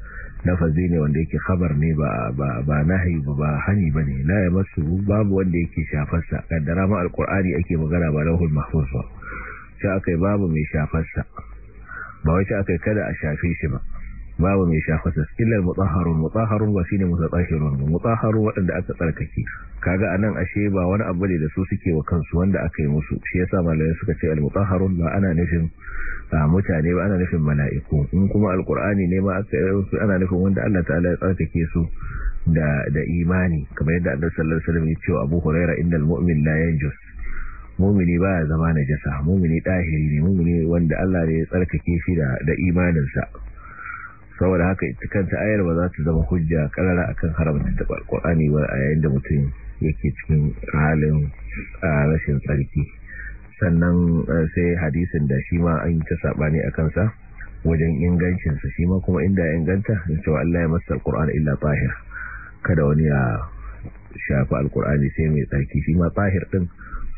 lafazi ne wanda yake khabar ne ba ba ba nahi ba ba hani bane la ya masu babu wanda yake shafarsa kaddara ma alqur'ani ake magana ba lahul mahfuz ba sai akai babu mai shafarsa ba wai sai akai kada a shafe shi ba babu mai shafasa illal mutahharun mutahharun ba shine mutatahhirun mutahharun wadanda aka tsarkake kaga anan ashe ba wani abu ne da su suke wa kansu wanda aka yi musu shi yasa malamai suka ce al mutahharun ba ana nufin mutane ba ana nufin mala'iku in kuma alqur'ani ne ma aka yi ana nufin wanda Allah ta'ala ya tsarkake su da da imani kamar yadda Annabi sallallahu alaihi wasallam ya ce Abu Hurairah innal mu'min la yanjus mumini ba ya zama najasa mumini dahiri ne mumini wanda Allah ya tsarkake shi da da imaninsa saboda haka ita kanta ayar ba za ta zama hujja karara akan haramta ta alkur'ani ba a yayin da mutum yake cikin halin rashin tsarki sannan sai hadisin da shi ma an yi ta sabani a kansa wajen ingancinsa shi ma kuma inda ya inganta in cewa Allah ya masa alkur'ani illa tahir kada wani ya shafi alkur'ani sai mai tsarki shi ma tahir din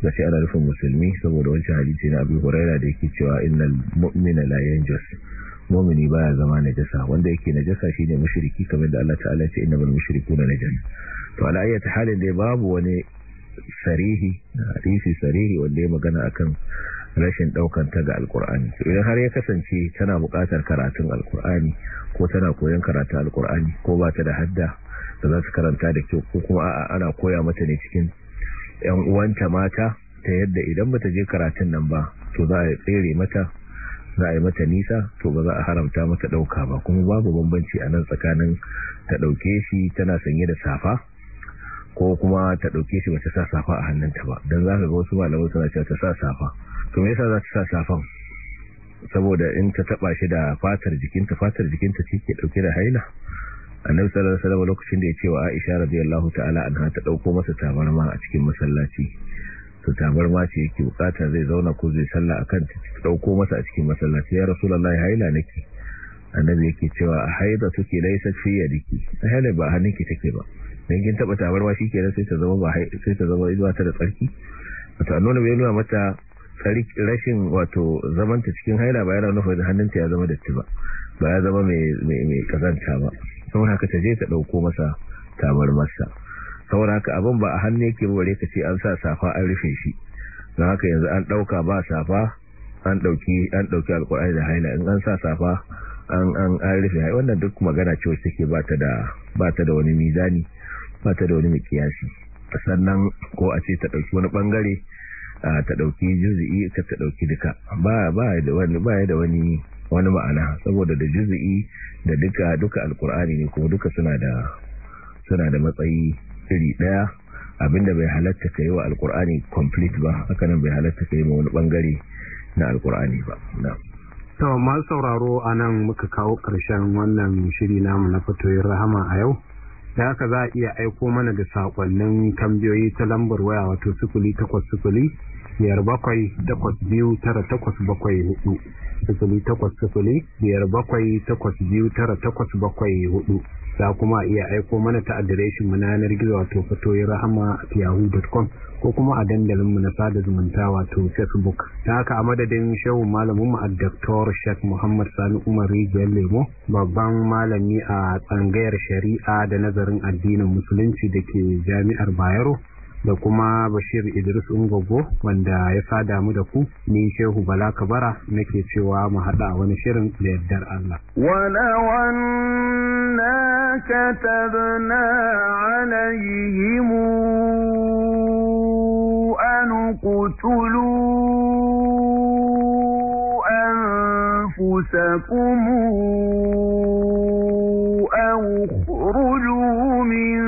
da shi ana nufin musulmi saboda wancan hadisi na abu huraira da yake cewa innal mu'mina la yanjus mu'mini baya zama najasa wanda yake najasa shine mushriki kamar da Allah ta'ala ya ce innamal mushrikuuna najas to ala halin da babu wani sarihi hadisi sarihi wanda ya magana akan rashin daukan ta ga alkur'ani idan har ya kasance tana buƙatar karatun alkur'ani ko tana koyon karatu alkur'ani ko ba ta da hadda da za su karanta da kyau ko kuma a'a ana koya mata ne cikin yan uwanta mata ta yadda idan ba ta je karatun nan ba to za a tsere mata za a yi mata nisa to ba za a haramta mata ɗauka ba kuma babu bambanci a nan tsakanin ta ɗauke shi tana sanye da safa ko kuma ta ɗauke shi ba ta sa safa a hannunta ba don za ka ga wasu malamai suna cewa ta sa safa to me yasa za ta sa safan saboda in ta taba shi da fatar jikinta fatar jikinta ce ke dauke da haila annabi sallallahu alaihi wasallam lokacin da ya ce wa Aisha radiyallahu ta'ala anha ta dauko masa tabarma a cikin masallaci su tabarma ce yake bukata zai zauna ko zai salla akan ta dauko masa a cikin masallaci ya rasulullahi haila nake annabi yake cewa a haida take laisa fi yadiki haila ba hannunki take ba dan kin taba tabarma shikenan sai ta zama ba sai ta zama izuwa ta da tsarki wato annabi bai nuna mata rashin wato zamanta cikin haila ba yana nufin hannunta ya zama datti ba ba ya zama mai mai kazanta ba saboda haka ta je ta dauko masa tabarmarsa saboda haka abin ba a hannu yake bare ka ce an sa safa an rufe shi don haka yanzu an ɗauka ba safa an ɗauki an ɗauki alkur'ani da haina in an sa safa an an rufe hai wannan duk magana ce wacce take ba ta da ba ta da wani mizani ba ta da wani mikiyasi sannan ko a ce ta ɗauki wani bangare ta ɗauki juzi'i ka ta ɗauki duka ba ba da wani ba da wani wani ma'ana saboda da juzi'i da duka duka alkur'ani ne kuma duka suna da suna da matsayi iri daya abinda bai halatta yi wa alkur'ani complete ba haka nan bai halatta kai ma wani bangare na alkur'ani ba to masu sauraro a nan muka kawo karshen wannan shiri namu na fitoyin rahama a yau da haka za a iya aiko mana da sakonnin kambiyoyi ta lambar waya wato sukuli takwas sukuli biyar bakwai takwas biyu tara takwas bakwai hudu sifili takwas sifili biyar bakwai takwas biyu tara takwas bakwai hudu za kuma a iya aiko mana ta adireshin mu na yanar gizo wato fatoyi rahama at yahoo.com ko kuma a dandalin mu na sada zumunta wato facebook ta haka a madadin shehu malamin mu a dr shek muhammad sani umar rijiyar lemo babban malami a tsangayar shari'a da nazarin addinin musulunci da ke jami'ar bayero da kuma Bashir Idris Ungogo wanda ya sada mu da ku ni Shehu Bala Kabara nake cewa mu hada wani shirin da yardar Allah wala wanna katabna alaihim an qutulu anfusakum أو اخرجوا من